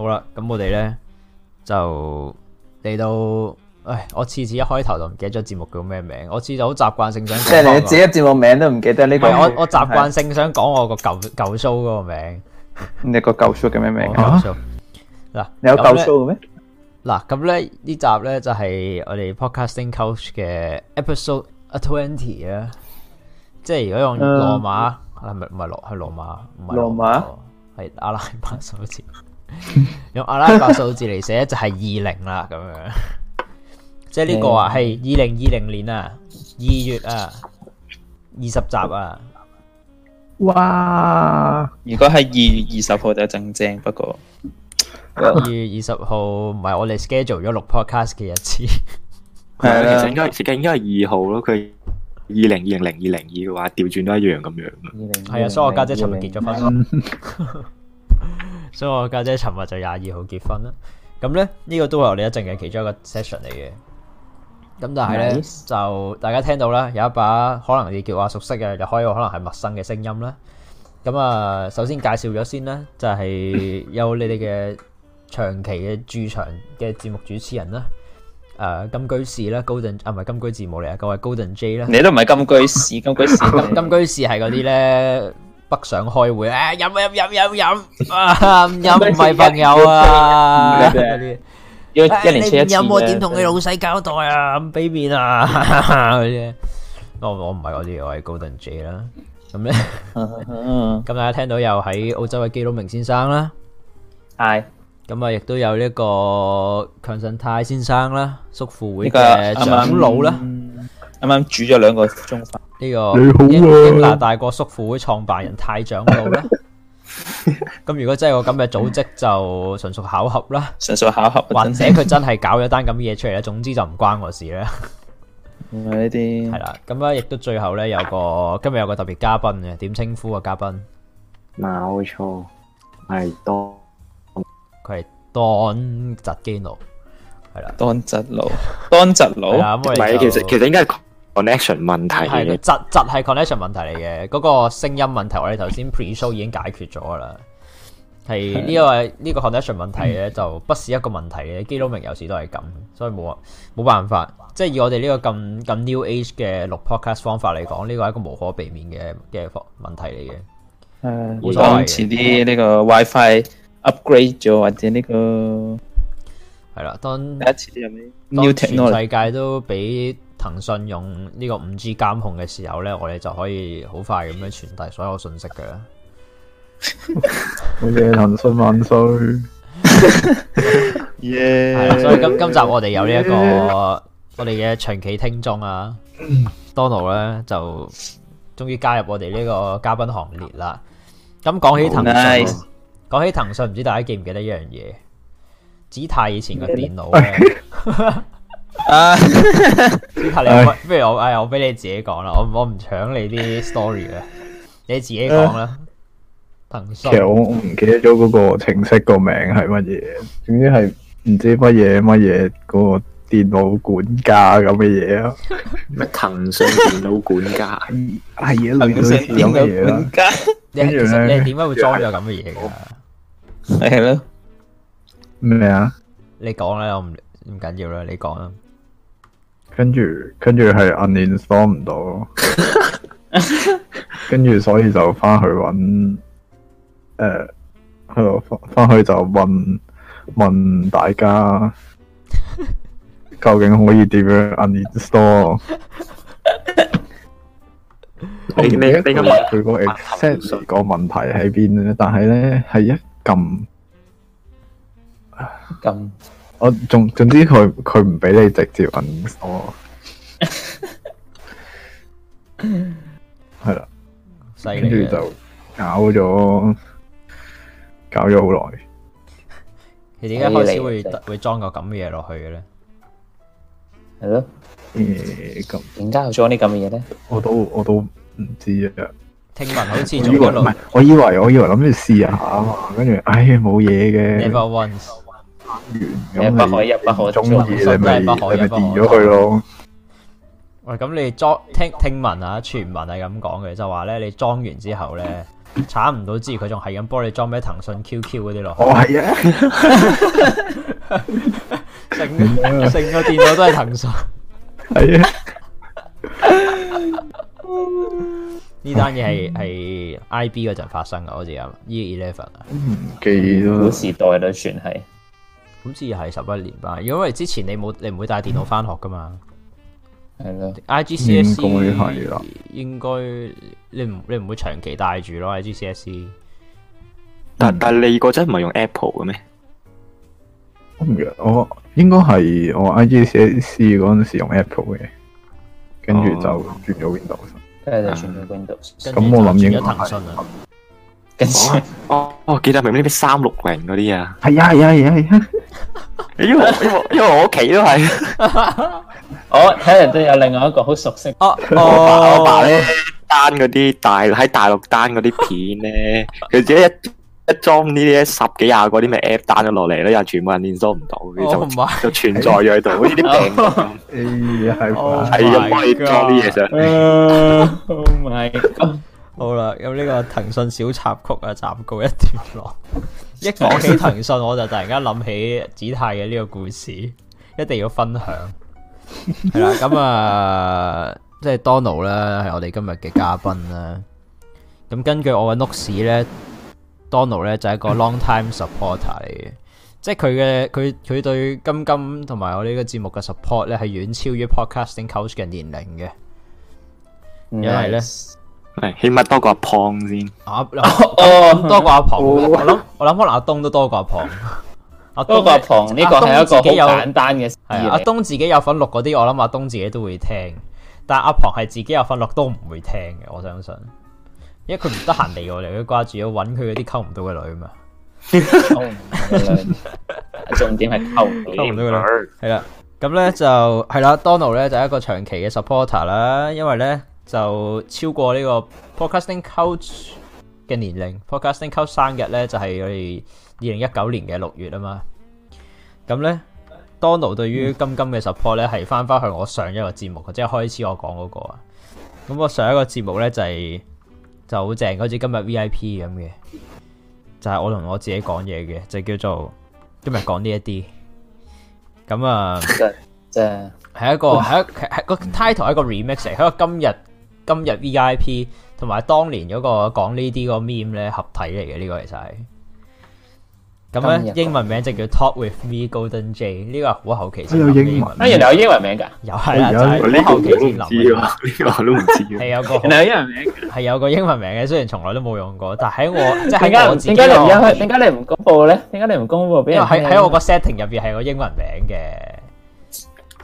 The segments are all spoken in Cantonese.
好啦，咁我哋咧就嚟到，唉，我次次一開頭就唔記得咗節目叫咩名，我次次好習慣性想，即係你自己節目名都唔記得呢個，我我習慣性想講我個舊舊 show 嗰個名，你個舊 show 叫咩名啊？嗱啦，你有舊 show 嘅咩？嗱，咁咧呢集咧就係我哋 podcasting coach 嘅 episode twenty 啊，即係如果用羅馬，唔係唔係羅，係羅馬，羅馬係阿拉伯數字。 用阿拉伯數字嚟寫就係二零啦，咁樣，即係呢個啊係二零二零年啊二月啊二十集啊，哇！如果係二月二十號就正正，不過二 月二十號唔係我哋 schedule 咗六 podcast 嘅日子， 係啊，其實應該時間應該係二號咯，佢二零二零零二零二嘅話調轉都一樣咁樣，係啊，所以我家姐尋日結咗婚。 所以我家姐尋日就廿二號結婚啦，咁咧呢個都係我哋一陣嘅其中一個 session 嚟嘅。咁但係咧就大家聽到咧有一把可能你叫阿熟悉嘅，又開個可能係陌生嘅聲音啦。咁啊，首先介紹咗先咧，就係有你哋嘅長期嘅駐場嘅節目主持人啦，誒金居士啦，Golden 啊唔係金居字母嚟啊，各位 Golden Jay 啦，你都唔係金居士，金居士金金居士係嗰啲咧。北上開會，誒飲飲飲飲飲，啊飲唔係朋友啊，因為一年只飲我點同佢老細交代啊，唔俾面啊，我我唔係我啲，我係 Golden Jay 啦，咁咧，咁大家聽到又喺澳洲嘅基隆明先生啦，係，咁啊亦都有呢一個強臣泰先生啦，叔父會嘅長老啦。啱啱煮咗兩個鐘呢、呢個加拿、啊、大個叔父會創辦人太長腦啦。咁 如果真係個咁嘅組織就純屬巧合啦，純屬巧合，或者佢真係搞咗單咁嘅嘢出嚟咧。 總之就唔關我事啦。呢啲係啦，咁啊，亦都最後咧有個今日有個特別嘉賓嘅，點稱呼啊嘉賓？冇錯，係當佢係 Don Tzino 係啦，Don Tzino，Don Tzino 唔係，其實其實應該係。connection 問題係，窒窒係、就是就是、connection 問題嚟嘅。嗰、那個聲音問題我，我哋頭先 pre show 已經解決咗啦。係呢、這個呢、這個 connection 問題咧，就不是一個問題嘅。Jeremy 有時都係咁，所以冇冇辦法。即係以我哋呢個咁咁 new age 嘅錄 podcast 方法嚟講，呢、這個係一個無可避免嘅嘅問題嚟嘅。誒、uh,，當遲啲呢個 wifi upgrade 咗，或者呢、這個係啦，當第一次啲咩？當全世界都俾，騰訊用呢個五 G 監控嘅時候呢，我哋就可以好快咁樣傳遞所有信息嘅。耶騰訊萬歲！耶！係啦，所以今今集我哋有呢、這、一個我哋嘅長期聽眾啊，Donald 咧就終於加入我哋呢個嘉賓行列啦。咁講起騰訊，講起騰訊，唔知大家記唔記得一樣嘢？紫太以前嘅電腦 啊，之後你不如我，哎，我俾你自己講啦，我我唔搶你啲 story 啊，你自己講啦。騰訊，其實我我唔記得咗嗰個程式個名係乜嘢，總之係唔知乜嘢乜嘢嗰個電腦管家咁嘅嘢咯。咩騰訊電腦管家？係啊，騰訊咁嘅嘢啦。你你點解會裝咗咁嘅嘢嘅？係咯，咩啊？你講啦，我唔唔緊要啦，你講啦。跟住，跟住係 uninstall 唔到， 跟住所以就翻去搵，誒、呃，翻翻去就問問大家 究竟可以點樣 uninstall？ 你麼你而家問佢個 extension、啊、個 ex 問題喺邊咧？但係咧係一撳撳。我總總之佢佢唔俾你直接摁，我係啦，跟住就搞咗搞咗好耐。你點解開始會會裝個咁嘅嘢落去嘅咧？係咯，誒咁，點解要裝啲咁嘅嘢咧？我都我都唔知呀。聽聞好似唔係，我以為我以為諗住試下嘛，跟住唉冇嘢嘅。Never once。完咁係不可一不可中意，真係不可一不可。變咗佢咯。喂，咁 你裝聽聽聞啊？傳聞係咁講嘅，就話咧你裝完之後咧，查唔到之餘，佢仲係咁幫你裝咩騰訊 QQ 嗰啲落。我係 是啊，成成個電腦都係騰訊。係啊。呢單嘢係係 IB 嗰陣發生噶，好似有 E Eleven 啊。記咯得。古時代都算係。咁自然係十一年吧，因為之前你冇，你唔會帶電腦翻學噶嘛。係咯，IGCSE 應該你唔你唔會長期帶住咯，IGCSE。但但你嗰陣唔係用 Apple 嘅咩？我唔我應該係我 IGCSE 嗰陣時用 Apple 嘅，跟住就轉咗 Windows，即係轉咗 Windows。咁我諗應該騰訊啊。哦哦，記得明明咩三六零嗰啲啊？係啊係啊係啊，因為因為因為我屋企都係，我睇人都有另外一個好熟悉。哦，我爸我爸咧單嗰啲大喺大陸單嗰啲片咧，佢自己一一裝呢啲十幾廿個啲咩 app 單咗落嚟咧，又全部人連鎖唔到，就就存在咗喺度，好似啲病咁。哎呀，係啊，係又可以裝啲嘢上。Oh my。好啦，咁呢個騰訊小插曲啊，暫告一段落。 一講起騰訊，我就突然間諗起子泰嘅呢個故事，一定要分享係啦。咁 啊，即係 Donald 咧係我哋今日嘅嘉賓啦。咁根據我嘅 notes 咧，Donald 咧就係一個 long time supporter 嚟嘅，即係佢嘅佢佢對金金同埋我呢個節目嘅 support 咧係遠超於 podcasting coach 嘅年齡嘅，Nice. 因為咧。起碼多過阿龐先，啊哦，多過阿龐，我諗我諗可能阿東都多過阿龐，阿多過阿龐呢個係一個簡單嘅，係阿東自己有份錄嗰啲，我諗阿東自己都會聽，但阿龐係自己有份錄都唔會聽嘅，我相信，因為佢唔得閒理我哋，佢掛住要揾佢嗰啲溝唔到嘅女嘛，重點係溝唔到，溝唔到嘅女，係啦，咁咧就係啦，Donald 咧就係一個長期嘅 supporter 啦，因為咧。就超過呢個 Podcasting Coach 嘅年齡。Podcasting Coach 生日咧就係我哋二零一九年嘅六月啊嘛。咁咧，Donald 對於金金嘅 support 咧，係翻翻去我上一個節目，即係開始我講嗰、那個啊。咁我上一個節目咧就係就好正，好似今日 VIP 咁嘅，就係、是就是、我同我自己講嘢嘅，就叫做今日講呢一啲。咁啊，即係係一個係一係個 title 一個 remix 嚟，r 喺個今日。今日 V I P 同埋當年嗰個講呢啲個 meme 咧合體嚟嘅呢個其實係，咁咧英文名就叫 Talk with me Golden Jay 呢個好後期，後期的英文名有英文，名，原來有英文名噶，又係啊仔，好後期，唔知啊，呢個都唔知，係有個，你有英文名，係有個英文名嘅，雖然從來都冇用過，但喺我家即係我自點解你唔點解你唔公佈咧？點解你唔公佈？俾喺喺我個 setting 入邊係個英文名嘅。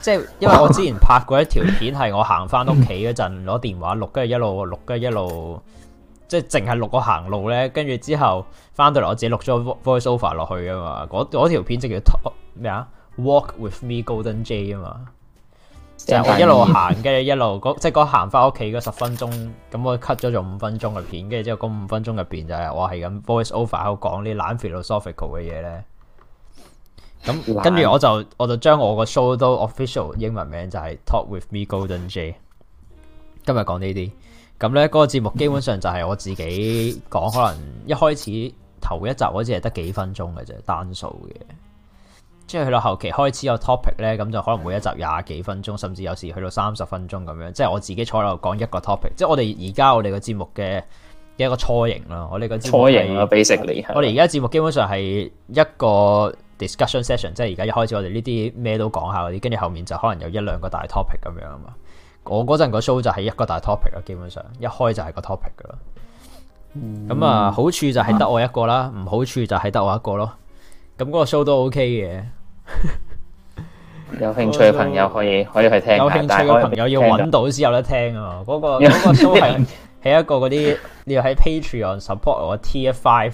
即係因為我之前拍過一條片是我走回家的。係我行翻屋企嗰陣攞電話錄，跟住一路錄，跟住一路即係淨係錄我行路咧。跟住之後翻到嚟，我自己錄咗 voiceover 落去噶嘛。嗰嗰條片即係叫咩啊？Walk with me, Golden Jay 啊嘛。就係我一路行，跟住一路即係嗰行翻屋企嗰十分鐘，咁我 cut 咗咗五分鐘嘅片，跟住之後嗰五分鐘入邊就係我係咁 voiceover 喺度講啲懶 philosophical 嘅嘢咧。咁跟住我就惰我就將我個 show 都 official 英文名就係 Talk with Me Golden Jay。今日講呢啲咁呢個個節目基本上就係我自己講。嗯、可能一開始頭一集好似係得幾分鐘嘅啫，單數嘅。即係去到後期開始有 topic 呢。咁就可能每一集廿幾分鐘，甚至有時去到三十分鐘咁樣。即係我自己坐喺度講一個 topic。即係我哋而家我哋個節目嘅一個雛形啦。我哋個節目，basic、啊、我哋而家節目基本上係一個。嗯 discussion session 即係而家一開始我哋呢啲咩都講下嗰啲，跟住後面就可能有一兩個大 topic 咁樣啊嘛。我嗰陣個 show 就係一個大 topic 啦，基本上一開就係個 topic 噶啦。咁、嗯、啊，好處就係得我一個啦，唔、啊、好處就係得我一個咯。咁、那、嗰個 show 都 OK 嘅。 有興趣嘅朋友可以可以去聽、啊、 有興趣嘅朋友要揾到先有得聽啊。嗰、那個、那個、show 係 一個嗰啲你要喺 Patreon support 我 Tier Five。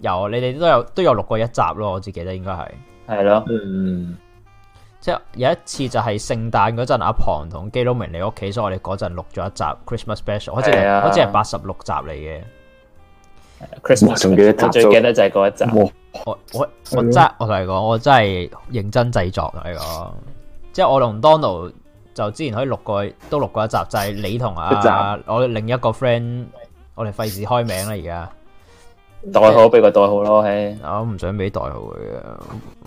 有，你哋都有都有錄過一集咯，我自己記得應該係。係咯的。嗯，即係有一次就係聖誕嗰陣，阿龐同基佬明嚟屋企，所以我哋嗰陣錄咗一集 Christmas special。係的啊。好似係八十六集嚟嘅。Christmas。仲記得最記得就係嗰一集。哇我我我真的我同你講，我真係認真製作同你講。即係我同 Donald 就之前可以錄過都錄過一集，就係、是、你同阿、啊、集我哋另一個 friend，我哋費事開名啦而家。 代號俾個代號咯，hey、我唔想俾代號佢啊。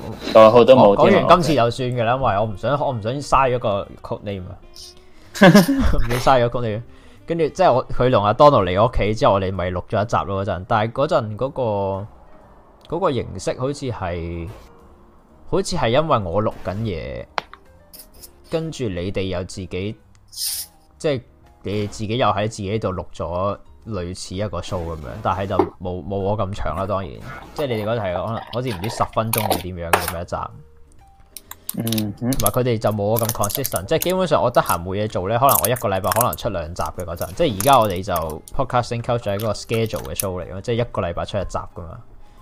我代號都冇。講完今次就算嘅啦，Okay. 因為我唔想我唔想嘥咗個 code name 啊，唔想嘥咗 code name。跟住即係我佢同阿 Donald 嚟我屋企之後，我哋咪錄咗一集咯嗰陣。但係嗰陣嗰個嗰、嗰個形式好似係，好似係因為我錄緊嘢，跟住你哋又自己即係、就是、你自己又喺自己度錄咗。類似一個 show 咁樣，但係就冇冇我咁長啦。當然，即係你哋嗰陣係可能好似唔知十分鐘定點樣嘅每一集。嗯，同埋佢哋就冇我咁 consistent。即係基本上我得閒冇嘢做咧，可能我一個禮拜可能出兩集嘅嗰陣。即係而家我哋就 podcasting culture 係一個 schedule 嘅 show 嚟㗎，即係一個禮拜出一集㗎嘛。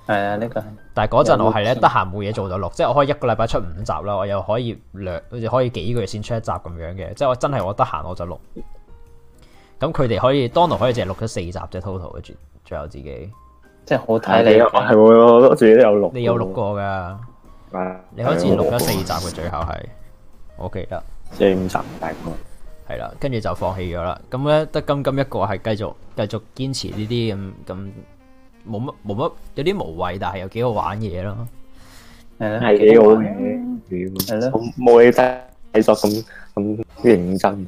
係啊、嗯，嗯、呢個。但係嗰陣我係咧得閒冇嘢做就錄，即係我可以一個禮拜出五集啦，我又可以兩可以幾個月先出一集咁樣嘅。即係我真係我得閒我就錄。咁佢哋可以，Donald 可以淨係錄咗四集啫，total 嘅最最後自己，即係好睇你，我係我我自己都有錄，你有錄過噶，的你好似錄咗四集嘅的最後係，我記得四五集大概係啦，跟住就放棄咗啦。咁咧，得金金一個係繼續繼續堅持呢啲咁咁，冇乜冇乜，有啲無謂，但係又幾好玩嘢咯，係啦的，係幾的好玩，係咯的，冇嘢得，睇作咁咁認真。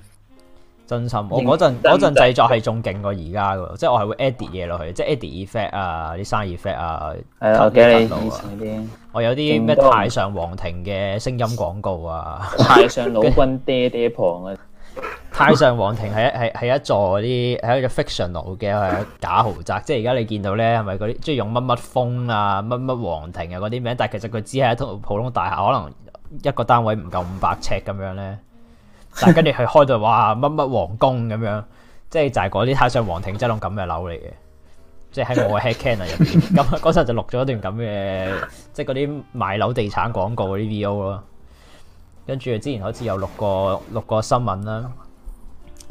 真心，我嗰陣嗰正製作係仲勁過而家喎，即係我係會 e d i t 嘢落去，即係 a d i t effect 啊了，啲聲 effect 啊，求我，我有啲咩太上皇庭嘅聲音廣告啊，太上老君爹爹旁啊，太上皇庭係一係係一座嗰啲係一個 fiction 樓嘅假豪宅，即係而家你見到咧係咪嗰啲即意用乜乜風啊乜乜皇庭啊嗰啲名，但係其實佢只係一棟普通大廈，可能一個單位唔夠五百尺咁樣咧。但跟住佢開到哇乜乜皇宮咁樣，即係就係嗰啲太上皇庭，即係嗰種咁嘅樓嚟嘅，即係喺我 headcanon 嘅入邊。咁嗰陣就錄咗一段咁嘅，即係嗰啲賣樓地產廣告嗰啲 VO 咯。跟住之前好似有錄過錄過新聞啦。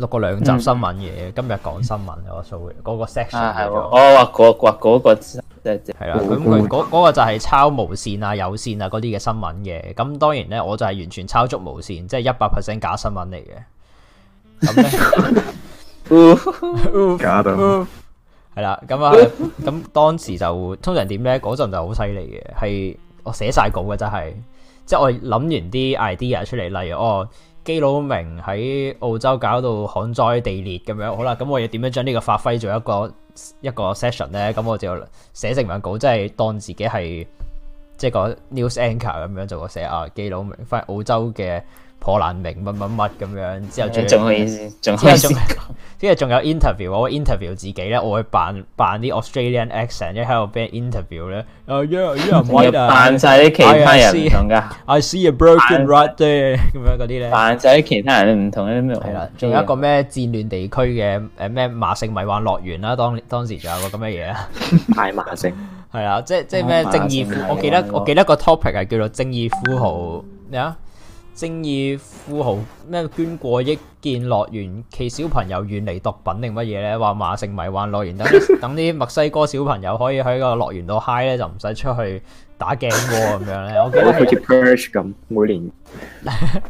錄過兩集新聞嘅，今日講新聞我個數，嗰、嗰個 section 嚟，我畫嗰畫嗰個即係係啦，咁嗰嗰個就係抄無綫啊、有綫啊嗰啲嘅新聞嘅。咁當然咧，我就係完全抄足無綫，即係一百 percent 假新聞嚟嘅。咁咧，假到係啦。咁啊，咁當時就通常點咧？嗰陣就好犀利嘅，係我寫晒稿嘅，即係即係我諗完啲 idea 出嚟，例如哦。基佬明喺澳洲搞到旱災地裂咁樣，好啦，咁我要點樣將呢個發揮做一個一個 session 咧？咁我就寫新聞稿，即係當自己係即係個 news anchor 咁樣，就個寫啊，基佬明翻澳洲嘅。破難明乜乜乜咁樣，之後仲可以，仲可以，仲，跟住仲有 interview，我 interview 自己咧，我會扮扮啲 Australian accent，即係喺度俾 interview 咧。哦 yeah，yeah 扮晒啲其他人唔同噶 I,，I see a broken right there 咁正樣嗰啲咧。扮晒啲其他人唔同嗰啲咩？係啦，仲有一個咩戰亂地區嘅誒咩馬勝迷幻樂園啦，當當時仲有個咁嘅嘢啊。大馬勝係啦，即係即係咩？正義夫的，我記得我記得個 topic 係叫做正義富豪，嗯、你啊？正義富豪咩捐過億建樂園，其小朋友遠離毒品定乜嘢咧？話麻城迷幻玩樂園，等等啲墨西哥小朋友可以喺個樂園度 high 咧，就唔使出去打 game 咁樣咧。我覺得好似 Purge 咁，每年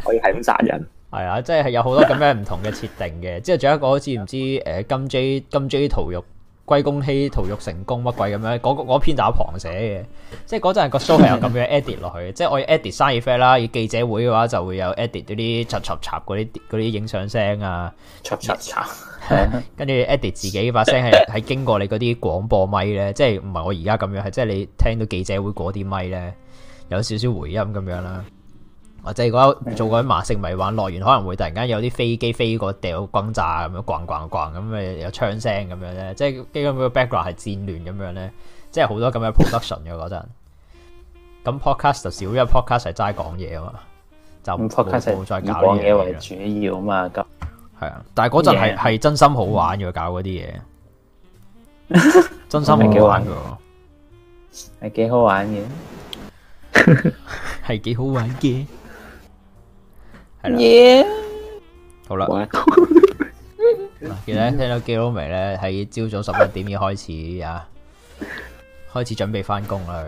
可以係咁殺人。係 啊，即係係有好多咁樣唔同嘅設定嘅。之後仲有一個好似唔知誒、呃，金 J 金 J 屠肉。歸功希屠玉成功乜鬼咁樣？嗰篇就打旁寫嘅，即係嗰陣個 show 係有咁樣 edit 落去 即係我 edit 生日 feat 啦，以記者會嘅話就會有 edit 嗰啲插插插嗰啲啲影相聲啊，插插插，跟住 edit 自己把聲係係經過你嗰啲廣播咪 i 咧，即係唔係我而家咁樣，係即係你聽到記者會嗰啲咪 i 咧有少少回音咁樣啦、啊。或者如果做嗰啲麻性迷玩樂園，可能會突然間有啲飛機飛過掉轟炸咁樣，逛逛逛咁咪有槍聲咁樣咧。即係基本個 background 係戰亂咁樣咧，即係好多咁嘅 production 嘅嗰陣。咁 podcast 就少，因為 podcast 係齋講嘢啊嘛，就唔 podcast 冇再搞嘢為主要啊嘛。咁係啊，但係嗰陣係係真心好玩嘅，搞嗰啲嘢， 真心好玩嘅，係幾、 嗯、好玩嘅，係 幾 好玩嘅。耶！好啦，見咧聽到 Jeremy 咧喺朝早十一點要開始啊，開始準備翻工啦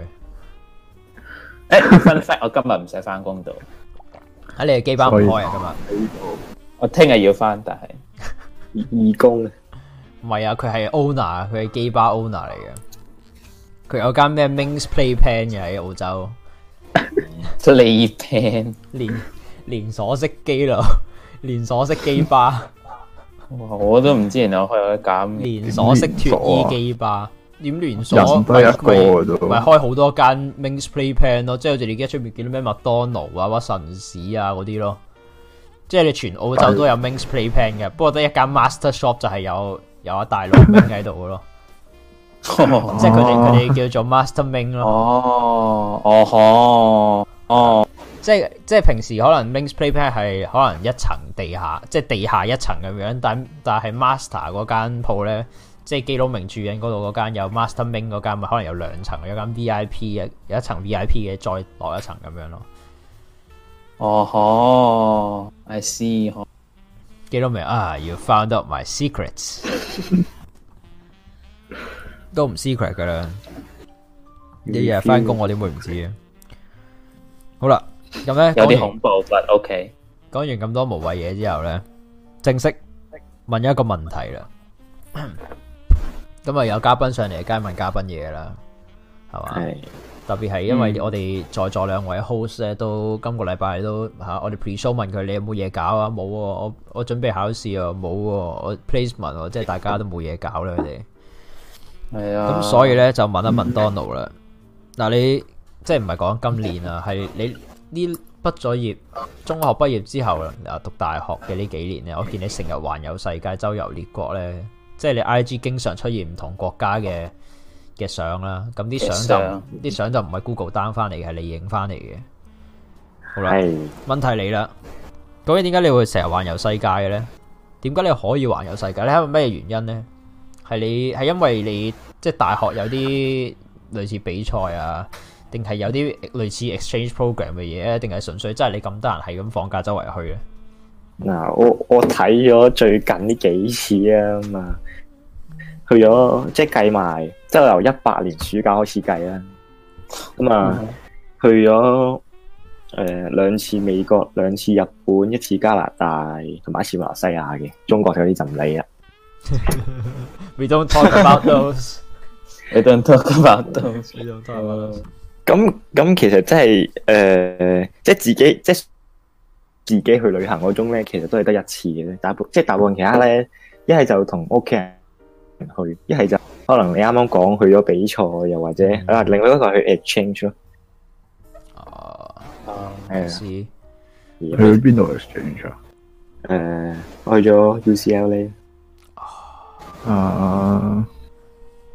佢。誒，fun fact，我今日唔使翻工度。啊，你嘅機巴唔開啊今日？我聽日要翻，但係義工啊，唔係啊，佢係 owner，佢係機巴 owner 嚟嘅。佢有間咩 Mains Play Pen 嘅喺澳洲，練 pen 練。連鎖式機咯，連鎖式機吧，我都唔知，然後我開一間，連鎖式脫衣機吧，點 連鎖？人得一個唔咪沒就開好多間 m i n s Play p a n、啊、咯，即係好似你而家出面見到咩麥當勞啊、屈臣氏啊嗰啲咯，即係你全澳洲都有 m i n s Play p a n 嘅，但不過得一間 Master Shop 就係有有一大龍喺度咯， 即係佢哋佢哋叫做 Master Ming 咯，哦，哦，好，哦。即係即係平時可能 Ming play pack 係可能一層地下，即係地下一層咁樣，但但係 master 嗰間鋪咧，即係基佬明住喺嗰度嗰間有 master Ming 嗰間，咪可能有兩層，有間 V I P 嘅，有一層 V I P 嘅，再落一層咁樣咯。哦，好，I see 嗬，基佬明啊，you found out my secrets， 都唔 secret 噶啦，日日翻工我點會唔知啊？好啦。咁咧，有啲恐怖，但係 OK。講完咁多無謂嘢之後咧，正式問一個問題啦。咁啊，有嘉賓上嚟，梗係問嘉賓嘢啦，係嘛？特別係因為我哋在座兩位 host 咧，都今個禮拜都吓，我哋 pre show 問佢，你有冇嘢搞啊？冇，我我準備考試啊，冇，我 placement，即係大家都冇嘢搞啦，佢哋係啊。咁所以咧就問一問 Donald 啦。嗱，你即係唔係講今年啊？係你。啲畢咗業，中學畢業之後啊，讀大學嘅呢幾年咧，我見你成日環遊世界、周遊列國咧，即係你 I G 經常出現唔同國家嘅嘅相啦。咁啲相就啲 's 相就唔係 Google down 翻嚟嘅，係你影翻嚟嘅。好啦。Yes. 問題你啦，咁樣點解你會成日環遊世界嘅咧？點解你可以環遊世界？你係咪咩原因咧？係你係因為你即係、就是、大學有啲類似比賽啊？定係有啲類似 exchange program 嘅嘢咧，定係純粹真係你咁得閒係咁放假周圍去咧？嗱，我我睇咗最近呢幾次啊，咁啊去咗即係計埋，即係由一八年暑假開始計啦。咁啊去咗誒、呃、兩次美國，兩次日本，一次加拿大，同埋一次馬來西亞嘅，中國有啲就唔理啦。 We don't talk about those. We don't talk about those. We don't talk about those. 咁咁其實真係誒，即係自己即係自己去旅行嗰種咧，其實都係得一次嘅，大部即係大部分其他咧，一係就同屋企人去，一係就可能你啱啱講去咗比賽，又或者啊，嗯，另外一個去 exchange 咯，uh, uh。啊，係啊，去邊度 exchange 啊？誒，去咗 UCLA。啊。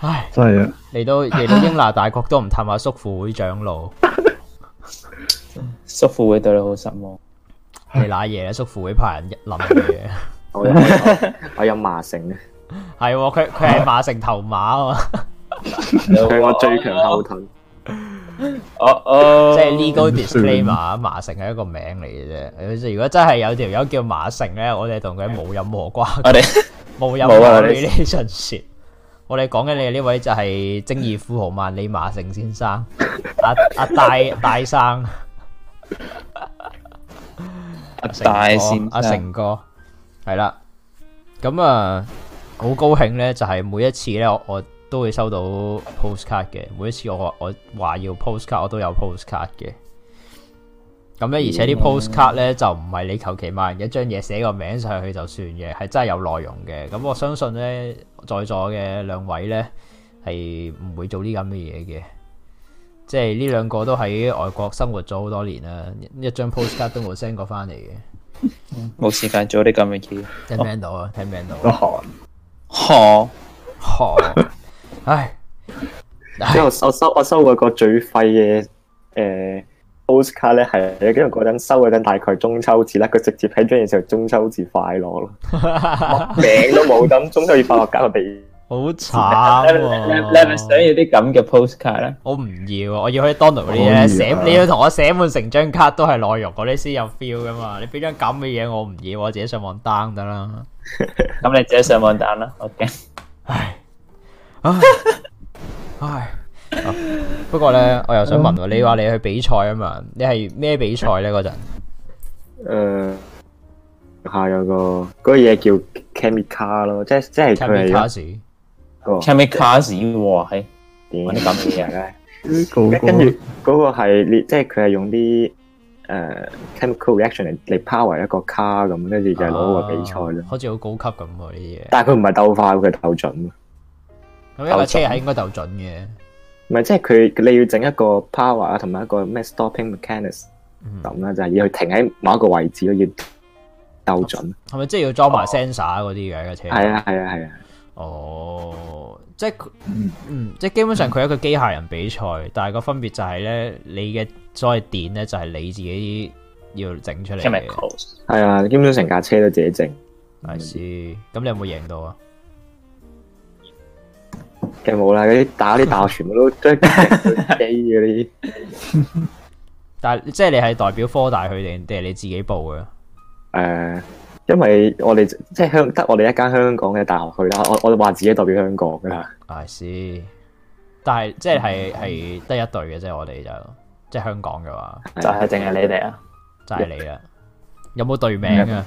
唉，真係啊！嚟到嚟到英拿大國都唔探下叔父會長老，叔父會對你好失望。你那嘢，叔父會派人諗嘅嘢。我有我有馬城嘅，係佢佢係馬城頭馬，佢係最強後盾。哦哦，即係 legal disclaimer，馬城係一個名嚟嘅啫。如果真係有條友叫馬城咧，我哋同佢冇任何關係，冇任何 relation。我哋講緊你呢位就係正義富豪萬里馬成先生，阿阿、 啊啊、大大生，阿、 啊啊、成哥，阿、啊、成哥，係啦。咁啊，好高興咧，就係、是、每一次咧，我我都會收到 postcard 嘅。每一次我我話要 postcard，我都有 postcard 嘅。咁咧，而且啲 postcard 咧就唔係你求其買一張嘢寫個名上去就算嘅，係真係有內容嘅。咁我相信咧，在座嘅兩位咧係唔會做呢咁嘅嘢嘅。即係呢兩個都喺外國生活咗好多年啦，一張 postcard 都冇 send 過翻嚟嘅，冇時間做啲咁嘅嘢。聽唔聽到啊？聽唔聽到啊？好好吓！之後我收我收過個最廢嘅誒。呃 postcard 咧係，因為嗰陣收嗰陣，大概中秋節啦，佢直接喺張嘢寫中秋節快樂咯，名 都冇，咁 中秋月快樂搞我哋，好慘啊！你咪想要啲咁嘅 postcard 咧？我唔要，我要去可以 Donald 嘅，寫你要同我寫滿成張卡都係內容，嗰啲先有 feel 噶嘛？你俾張咁嘅嘢我唔要，我自己上網 down 得啦。咁 你自己上網 down 啦，OK。 唉，唉，唉。哦、不過咧，我又想問、嗯、你話你去比賽啊嘛？你係咩比賽咧？嗰陣，誒、呃，下有個嗰嘢、那個、叫 chemical 咯，即係即係 c h e m i c a l car，chemical car，哇，點？咁嘅嘢咧，跟住嗰個係你，即係佢係用啲誒、呃、chemical reaction 嚟 power 一個 car 咁，跟住就攞個比賽咯，好似好高級咁喎啲嘢。但係佢唔係鬥快，佢係鬥準。咁因為車係應該鬥準嘅。唔係即係佢，你要整一個 power 啊，同埋一個咩 stopping mechanism 咁啦、嗯，就係、是、要佢停喺某一個位置都要鬥準。係咪即係要裝埋、oh. sensor 嗰啲嘅架車？係啊，係啊，係啊。哦、oh,，即係嗯嗯，即係基本上佢係一個機械人比賽，嗯、但係個分別就係咧，你嘅所謂電咧就係你自己要整出嚟嘅。係啊 Chemical s.，基本上成架車都自己整。係師、嗯，咁你有冇贏到啊？梗冇啦，嗰啲打啲大學全部都都係機嘅啲。但係即係你係代表科大去定定係你自己報嘅？誒、呃，因為我哋即係香得我哋一間香港嘅大學去啦。我我話自己代表香港噶。I see 但係即係係得一隊嘅，啫。我哋就是、即係香港嘅話，就係淨係你哋啊，就係你啦。日有冇隊名啊？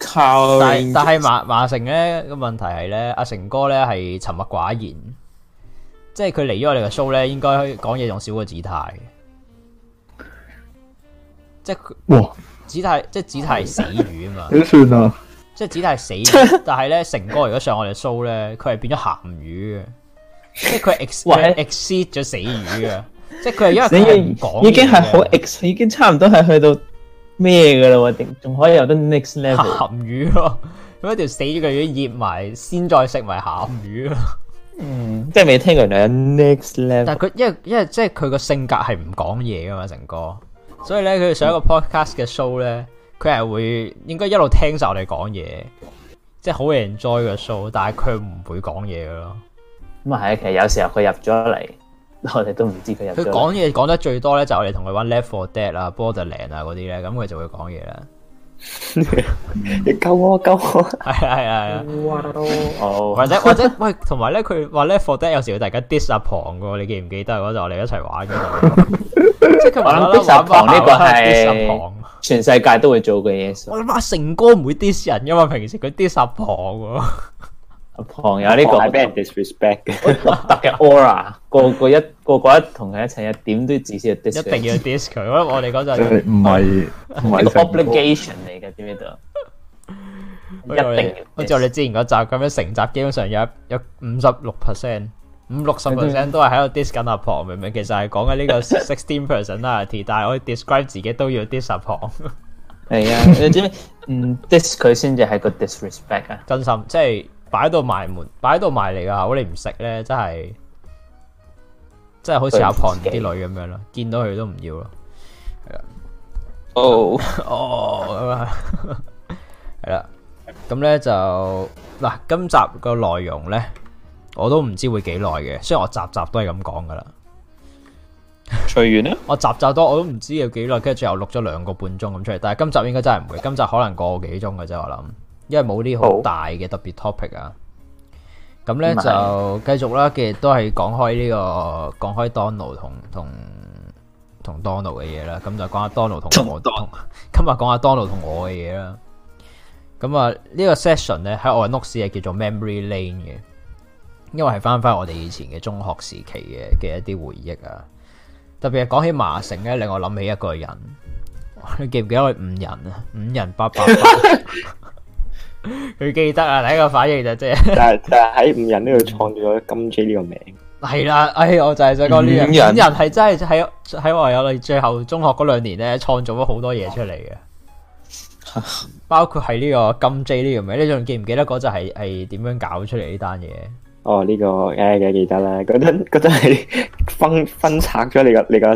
但但係馬馬成咧，個問題係咧，阿成哥咧係沉默寡言，即係佢嚟咗我哋嘅 show 咧，應該講嘢用少個姿態。即係哇，姿態即係姿態係死魚啊嘛，點算啊？即係姿態係死魚，但係咧成哥如果上我哋 show 咧，佢係變咗咸魚嘅，即係佢 ex 喂 exceed 咗死魚啊！即係佢係因為佢已經係好 ex，已經差唔多係去到。咩噶啦？我頂，仲可以有得 next level 鹹魚咯，咁一條死咗嘅魚醃埋，先再食埋鹹魚咯。嗯，即係未聽過你有 next level。但係佢，因為因為即係佢個性格係唔講嘢噶嘛，成哥。所以咧，佢上一個 podcast 嘅 show 咧，佢係會應該一路聽晒我哋講嘢，即係好 enjoy 嘅 show 但。但係佢唔會講嘢噶咯。咁啊係，其實有時候佢入咗嚟。我哋都唔知佢有。佢講嘢講得最多咧，就係我哋同佢玩 Left 4 Dead 啦、啊、Borderland 啊嗰啲咧，咁佢就會講嘢啦。你救我救我。係啊係啊。哇！ 大哦，或者或者喂，同埋咧，佢話 Left 4 Dead 有時會大家 disap 旁噶，你記唔記得嗰陣我哋一齊玩嗰度？即係我諗 disap 旁呢個係全世界都會做嘅嘢。我諗阿成哥唔會 diss 人因爲嘛，平時佢 disap 旁。阿婆有呢個，disrespect，我特嘅 aura，個個一個個一同佢一齊，一點都至少一定要 diss 佢。我我哋嗰陣唔係呢個 obligation 嚟嘅，知唔知道一定好似我哋之前嗰集咁樣成集基本上有有五十六 percent、五六十 percent 都係喺度 diss 緊阿婆，明唔明？其實係講緊呢個 sixteen personality，但係我哋 describe 自己都要 diss 阿婆係啊，你知唔知嗯 diss 佢先至係個 disrespect 啊，真心即係。擺到埋門，擺到埋嚟噶，如果你唔食咧，真係真係好似阿婆啲女咁樣咯，見到佢都唔要咯。係啦，哦哦咁啊，係啦。咁咧就嗱，今集個內容咧，我都唔知會幾耐嘅，雖然我集集都係咁講噶啦。隨緣啦。我集集都我都唔知要幾耐，跟住最後錄咗兩個半鐘咁出嚟，但係今集應該真係唔會，今集可能個幾鐘嘅啫，我諗。因為冇啲好大嘅特別 topic 啊，咁咧就繼續啦，其實都係講開呢個講開 Donald 同同同 Donald 嘅嘢啦，咁就講下 Donald 同我，同今日講下 Donald 同我嘅嘢啦。咁啊，呢個 session 咧喺我嘅 notes 係叫做 Memory Lane 嘅，因為係翻翻我哋以前嘅中學時期嘅嘅一啲回憶啊。特別係講起麻城咧，令我諗起一個人，你記唔記得佢五人啊？五人八百。佢記得啊，第一個反應就即係，就係喺五人呢度創造咗金 J 呢個名係啦。哎，我就係想講呢樣五人係真係喺喺我哋最後中學嗰兩年咧，創造咗好多嘢出嚟嘅，包括係呢個金 J 呢條名。你仲記唔記得嗰陣係係點樣搞出嚟呢單嘢？哦，呢、這個梗記得啦，嗰陣嗰陣係分分拆咗你個你個。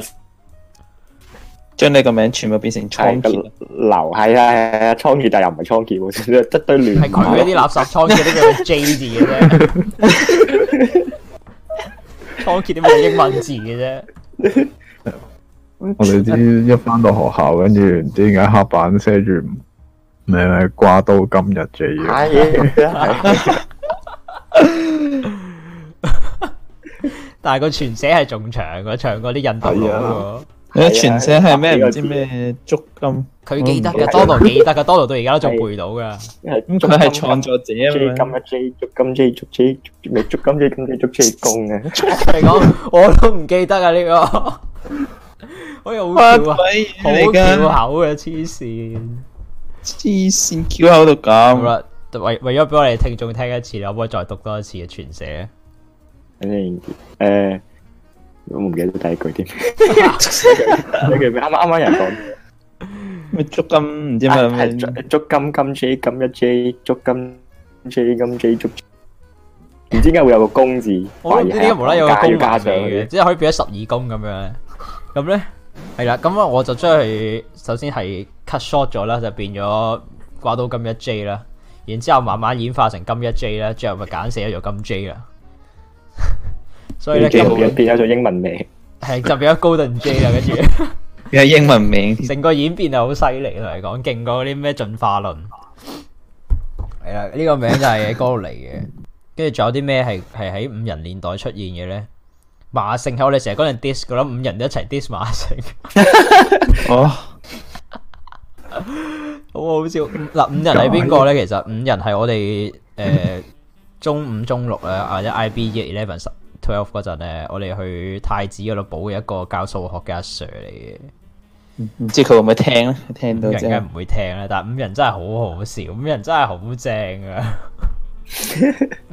將你個名全部變成倉頡流，係啊係啊，倉頡但又唔係倉頡好似一堆亂。係佢嗰啲垃圾倉頡，都叫做 J 字嘅啫。 倉頡啲咩英文字嘅啫？ 我哋啲一翻到學校，跟住唔知點解黑板寫住咩掛到今日嘅嘢。 但係個全寫係仲長，長過啲印度佬。你全寫係咩？唔知咩足金？佢記得噶，多羅記得噶，多羅到而家都仲背到噶。咁佢係創作者啊嘛？足金啊，足金，足足，足未足金，足金，足足供啊！嚟講，我都唔記得啊呢個，好笑啊，好巧口啊，黐線，黐線，巧口到咁。咁啦，為為咗俾我哋聽眾聽一次，你可唔可以再讀多一次嘅全寫？誒。我唔記得第一句添，你記唔記得啱啱啱啱人講咩？足金唔知咩？足金金 J 金一 J 足金 J 金，金 J 足，唔知點解會有個公字？我呢啲無啦啦有公字嘅，只可以變咗十二公咁樣。咁咧係啦，咁啊我就將佢首先係 cut short 咗啦，就變咗掛到金一 J 啦。然之後慢慢演化成金一 J 啦，最後咪簡寫做金 J 啦。 所以咧，今日變咗做英文名，係就變咗 Golden J 啦。跟住，係英文名，成個演變係好犀利同你講，勁過嗰啲咩進化論係啦。呢個名就係喺嗰度嚟嘅。跟住仲有啲咩係係喺五人年代出現嘅咧？馬勝係我哋成日嗰陣 dis 嘅咯，五人一齊 dis 馬勝哦，好啊，好笑嗱。五人係邊個咧？其實五人係我哋誒，中五、中六呀，或者 I B E eleven 十。twelve 嗰陣咧，我哋去太子嗰度補嘅一個教數學嘅阿 Sir 嚟嘅，唔知佢會唔會聽咧？聽到啫，五人梗唔會聽啦，但五人真係好好笑，五人真係好正㗎！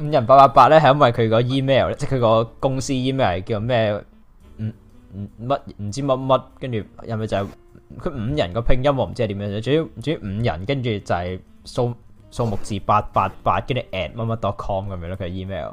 五人八八八咧，係因為佢個 email， 即係佢個公司 email 係叫咩？唔唔乜唔知乜乜，跟住係咪就佢、是、五人個拼音我唔知係點樣，主要主要五人，跟住就係數數目字八八八，跟住 at 乜乜 dot com 咁樣咯，佢 email。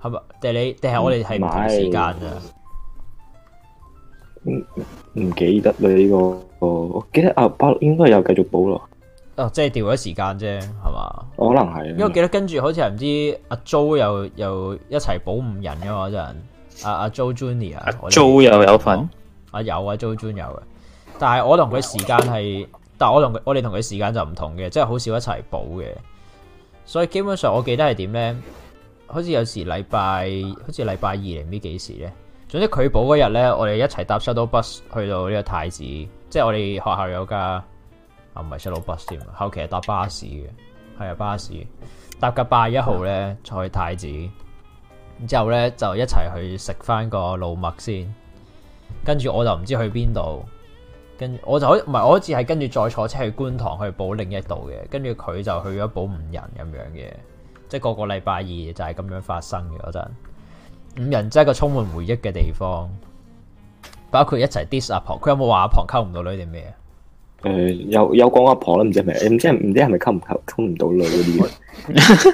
係咪？定你定係我哋係唔同時間啊？唔唔記得你呢個，我記得阿包應該又繼續補咯。哦、啊，即係調咗時間啫，係嘛？我可能係，因為我記得跟住好似係唔知阿、啊、Jo 又又一齊補五人噶嘛，嗰陣。阿阿 Jo Junior，Jo 又有份。阿、啊、有啊，Jo Junior 嘅，但係我同佢時間係，但係我，我同佢我哋同佢時間就唔同嘅，即係好少一齊補嘅。所以基本上我記得係點咧？好似有時禮拜，好似禮拜二定唔知幾時咧。總之佢補嗰日咧，我哋一齊搭 shuttle bus 去到呢個太子，即係我哋學校有架，唔係 shuttle bus 啫嘛。後期係搭巴士嘅，係啊巴士搭嘅八一號咧，坐去太子。之後咧就一齊去食翻個老麥先，跟住我就唔知去邊度。跟我就好唔係？我好似係跟住再坐車去觀塘去補另一度嘅。跟住佢就去咗補五人咁樣嘅。即係個個禮拜二就係咁樣發生嘅嗰陣，五人真係個充滿回憶嘅地方，包括一齊 diss 阿婆，佢有冇話阿婆溝唔到女定咩啊？誒、呃，有有講阿婆啦，唔知係咪，唔知唔知係咪溝唔溝，溝唔到女嗰啲，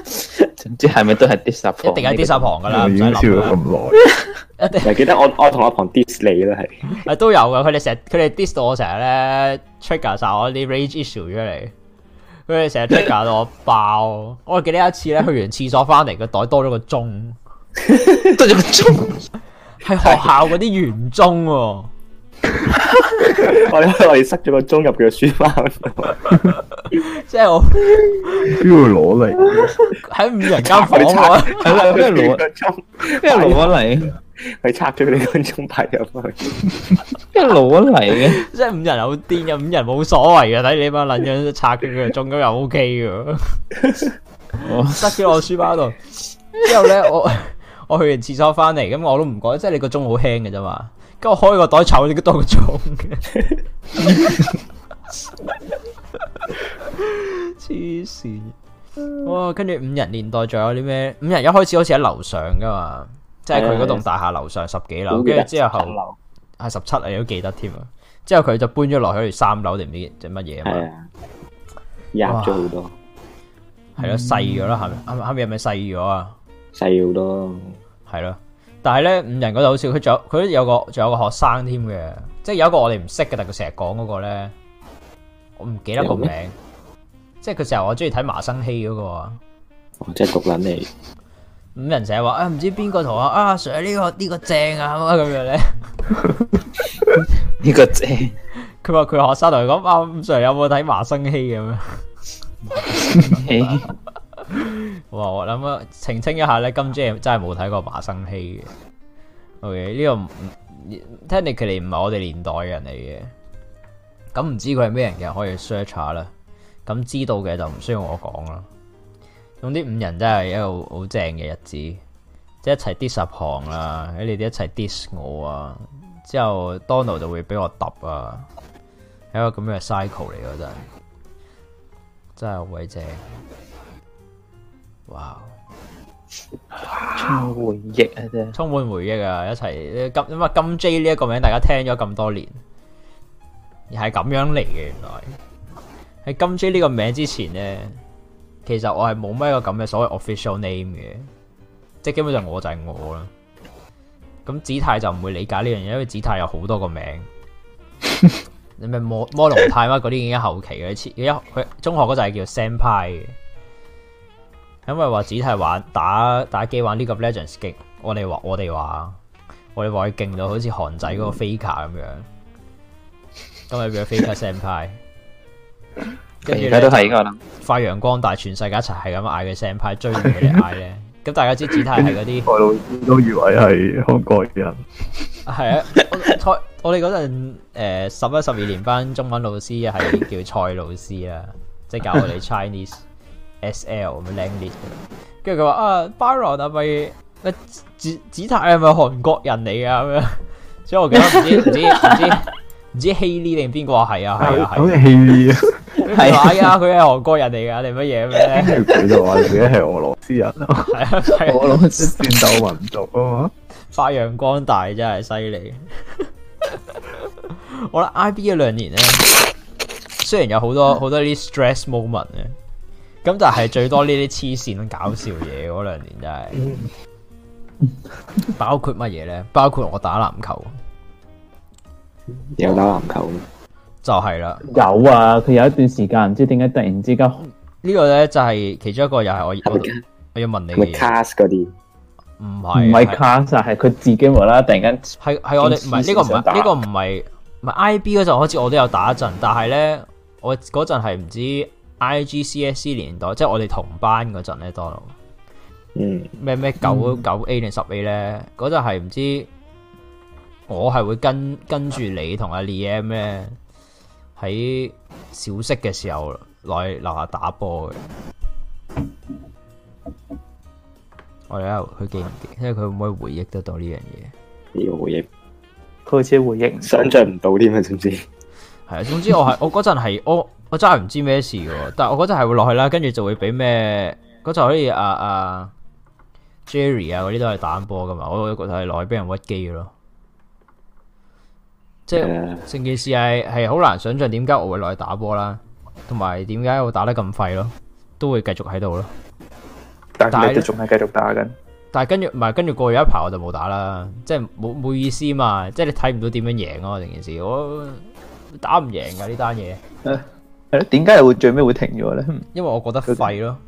唔 知係咪都係 diss 阿婆，一定係 diss 阿婆噶啦，咁耐，一定 唔記得我我同阿婆 diss 你啦，係， 都有噶，佢哋成日佢哋 diss 到我成日咧 trigger 晒我啲 rage issue 出嚟。佢哋成日 check 到我爆，我記得一次去完廁所返嚟，個袋多咗個鐘， 多咗個鐘，係 學校嗰啲圓鐘喎、啊。 我哋塞咗個鐘入佢個書包度，即係 我邊會攞嚟？喺五人間房你拆啊？喺度攞。他個鐘？邊他個攞嚟？係拆咗你個鐘擺入去？邊個攞嚟嘅？即係五人有癲嘅，五人冇所謂嘅。睇你呢班捻樣拆嘅鐘咁又 O K 嘅。我塞咗我書包度，之後咧我我去完廁所翻嚟，咁我都唔覺得，即係你個鐘好輕嘅啫嘛。跟我開個袋炒你都多個嘅？黐 線！哇，跟住五人年代仲有啲咩？五人一開始好似喺樓上噶嘛，即係佢嗰棟大廈樓上十幾樓，跟住之後後係十七你都記得添啊。之後佢就搬咗落去三樓，定唔知整乜嘢啊？係啊，壓咗好多。係咯，細咗啦，係咪、嗯？後後咪？係咪細咗啊？細好多，係咯。但係，咧，五人嗰度好笑，佢仲有佢有個仲有個學生添嘅，即係有一個我哋唔識嘅，但佢成日講嗰個咧，我唔記得個名，嗎即係佢成日我中意睇麻生希嗰，那個哎，啊。我真係讀緊你五人成日話啊，唔知邊個同啊啊 Sir 呢個呢個正啊咁樣咧呢 個正，佢話佢學生同佢講啊，Sir 有冇睇麻生希咁樣？的 Hey. 哇！我諗啊，澄清一下咧，今朝真係冇睇過馬生希嘅。OK，呢個 Tanic 唔係我哋年代嘅人嚟嘅，咁唔知佢係咩人嘅，可以 search 下啦。咁知道嘅就唔需要我講啦。總之五人真係一個好正嘅日子，即係一齊 diss 行啊，喺你哋一齊 diss 我啊，之後 Donald 就會俾我揼啊，係一個咁樣嘅 cycle 嚟嘅真係，真係好鬼正。哇！充滿回憶啊，真係充滿回憶啊！一齊金因為金 J 呢一個名，大家聽咗咁多年，而係咁樣嚟嘅。原來喺金 J 呢個名之前咧，其實我係冇咩個咁嘅所謂 official name 嘅，即係基本上我就係我啦。咁子泰就唔會理解呢樣嘢，因為子泰有好多個名，你咪魔魔龍泰嗎？嗰啲已經後期嘅，一佢中學嗰陣係叫 Sam 派嘅。因為話子泰玩打打機玩呢個《Legends》勁，我哋話我哋話我哋話佢勁到好似韓仔嗰個 Faker 咁樣，今日搵叫 Faker 聲、啊、派，而家都係應該啦。發揚光大，全世界一齊係咁嗌佢聲派，追住佢哋嗌咧。咁大家知子泰係嗰啲。蔡老師都以為係韓國人。係 啊，蔡，我哋嗰陣誒十一、十、呃、二年班中文老師係叫蔡老師啊，即、就、係、是、教我哋 Chinese。 S.L. 咁咪靚啲，跟住佢話啊，Baron 咪咪紫紫太係咪韓國人嚟啊？咁樣，所以我記得唔知唔 知唔知，唔 知希利定邊個話係啊？係啊係，好似希利啊，係啊，佢係韓國人嚟噶定乜嘢咩？佢就話自己係俄羅斯人啊， 俄羅斯戰鬥民族啊嘛， 發揚光大真係犀利。我覺得 I.B. 嗰兩年咧，雖然有好多好 多啲 stress moment 咧。咁就係最多呢啲黐線搞笑嘢嗰兩年真係，包括乜嘢咧？包括我打籃球，有打籃球，就係啦，有啊。佢有一段時間唔知點解突然之間呢個咧，就係、是、其中一個又係我我要問你，係咪 cast 啲？唔係唔係 cast，係佢自己冇啦。突然間係係我哋唔係呢個唔呢、呢個唔係唔係 IB 嗰陣開始，我都有打一陣，但係咧我嗰陣係唔知。I G C S C 年代，即係我哋同班嗰陣咧，Donald。嗯，咩咩九九 A 定十 A 咧？嗰陣係唔知我係會跟跟住你同阿 Liam 咧喺小息嘅時候來樓下打波嘅。我哋喺度佢記唔記？因為佢可唔可以回憶得到呢樣嘢？幾回憶？開始回憶，想象唔到添啊！總之係啊，總之我係我嗰陣係我。我真係唔知咩事嘅，但係我嗰陣係會落去啦，跟住就會俾咩嗰陣可以啊啊 Jerry 啊嗰啲都係打波噶嘛。我覺得係落去俾人屈機嘅咯，即係成、uh，件事係係好難想象點解我會落去打波啦，同埋點解我打得咁廢咯，都會繼續喺度咯。但係仲係繼續打緊，但係呢跟住唔係跟住過咗一排我就冇打啦，即係冇冇意思嘛，即係你睇唔到點樣贏咯，啊。成件事我打唔贏噶呢單嘢。係點解又會最尾會停咗呢？因為我覺得廢咯，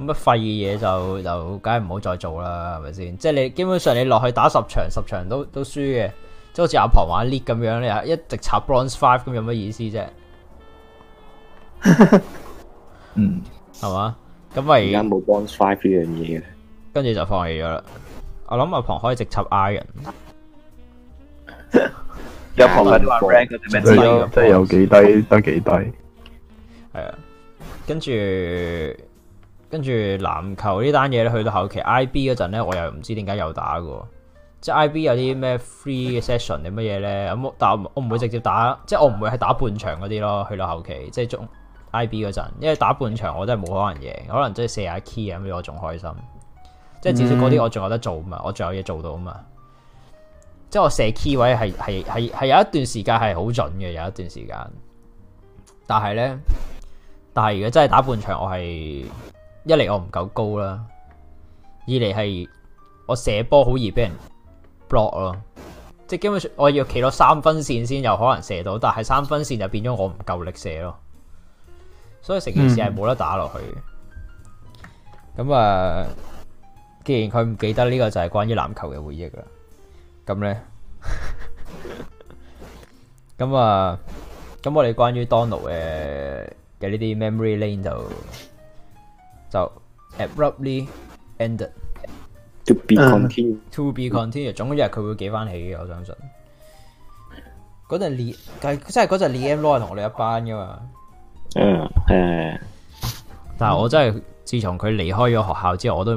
咁乜廢嘅嘢就就梗係唔好再做啦，係咪先？即係你基本上你落去打十場，十場都都輸嘅，即係好似阿龐玩 lead 咁樣咧，你一直插 bronze five 咁有乜意思啫？嗯， 係嘛？咁而家冇 bronze five 呢樣嘢，跟住就放棄咗啦。我諗阿龐可以直插 iron。 即係有幾、嗯、低得幾低，係啊，跟住跟住籃球呢單嘢咧，去到後期 I B 嗰陣咧，我又唔知點解又打嘅，即係 I B 有啲咩 free 嘅 session 定乜嘢咧咁，但我唔會直接打，即係我唔會係打半場嗰啲咯，去到後期即係中 I B 嗰陣，因為打半場我都係冇可能贏，可能即係射下 key 咁樣，我仲開心，即係至少嗰啲我仲有得做嘛，嗯、我仲有嘢做到啊嘛。即係我射 key 位係係係係有一段時間係好準嘅，有一段時間。但係咧，但係如果真係打半場，我係一嚟我唔夠高啦，二嚟係我射波好易俾人 block 咯。即係基本上我要企到三分線先有可能射到，但係三分線就變咗我唔夠力射咯。所以成件事係冇得打落去嘅。咁啊，既然佢唔記得呢個就係關於籃球嘅回憶啦。咁咧，咁那 啊，咁我哋關於 Donald 嘅呢啲 memory lane 就就 abruptly ended to be continued，uh, to be continued，mm hmm. 總之係佢會記翻起嘅，我相信。嗰陣，但係即係嗰陣 Li m Law 同我哋一班噶嘛。嗯，係。但係我真係自從佢離開咗學校之後，我都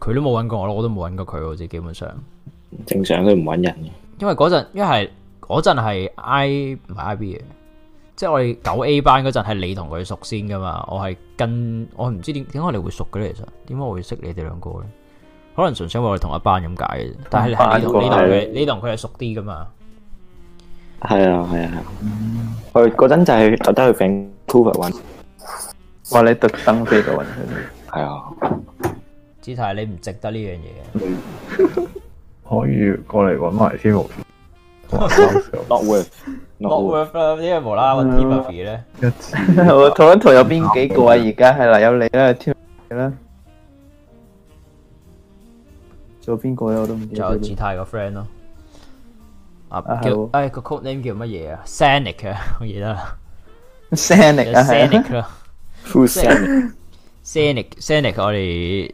佢都冇揾過我咯，我都冇揾過佢喎，即基本上。正常都唔揾人嘅，因為嗰陣，因為嗰陣係 I 唔係 I B 嘅，即係我哋九 A 班嗰陣係你同佢熟先噶嘛，我係跟我唔知點點解我哋會熟嘅咧，其實點解我會識你哋兩個咧？可能純粹我哋同一班咁解嘅啫，但係你同佢、啊、你同佢係熟啲噶嘛？係啊係啊係，我嗰陣就係特登去 Cooper 搵，話你特登飛咗搵佢，係啊，姿態你唔值得呢樣嘢。 可以過嚟揾埋添，冇。Not worth，not worth 啦，因為無啦啦個 team up 嘅咧。一次，我同一同有邊幾個啊？而家係嗱有你啦，添啦。仲有邊個咧？我都唔知記得。就志泰個 friend 咯。啊叫，哎個曲名叫乜嘢啊？Sonic 啊，我記得啦。Sonic 啊，Sonic 啦，Full Sonic，Sonic，Sonic 我哋。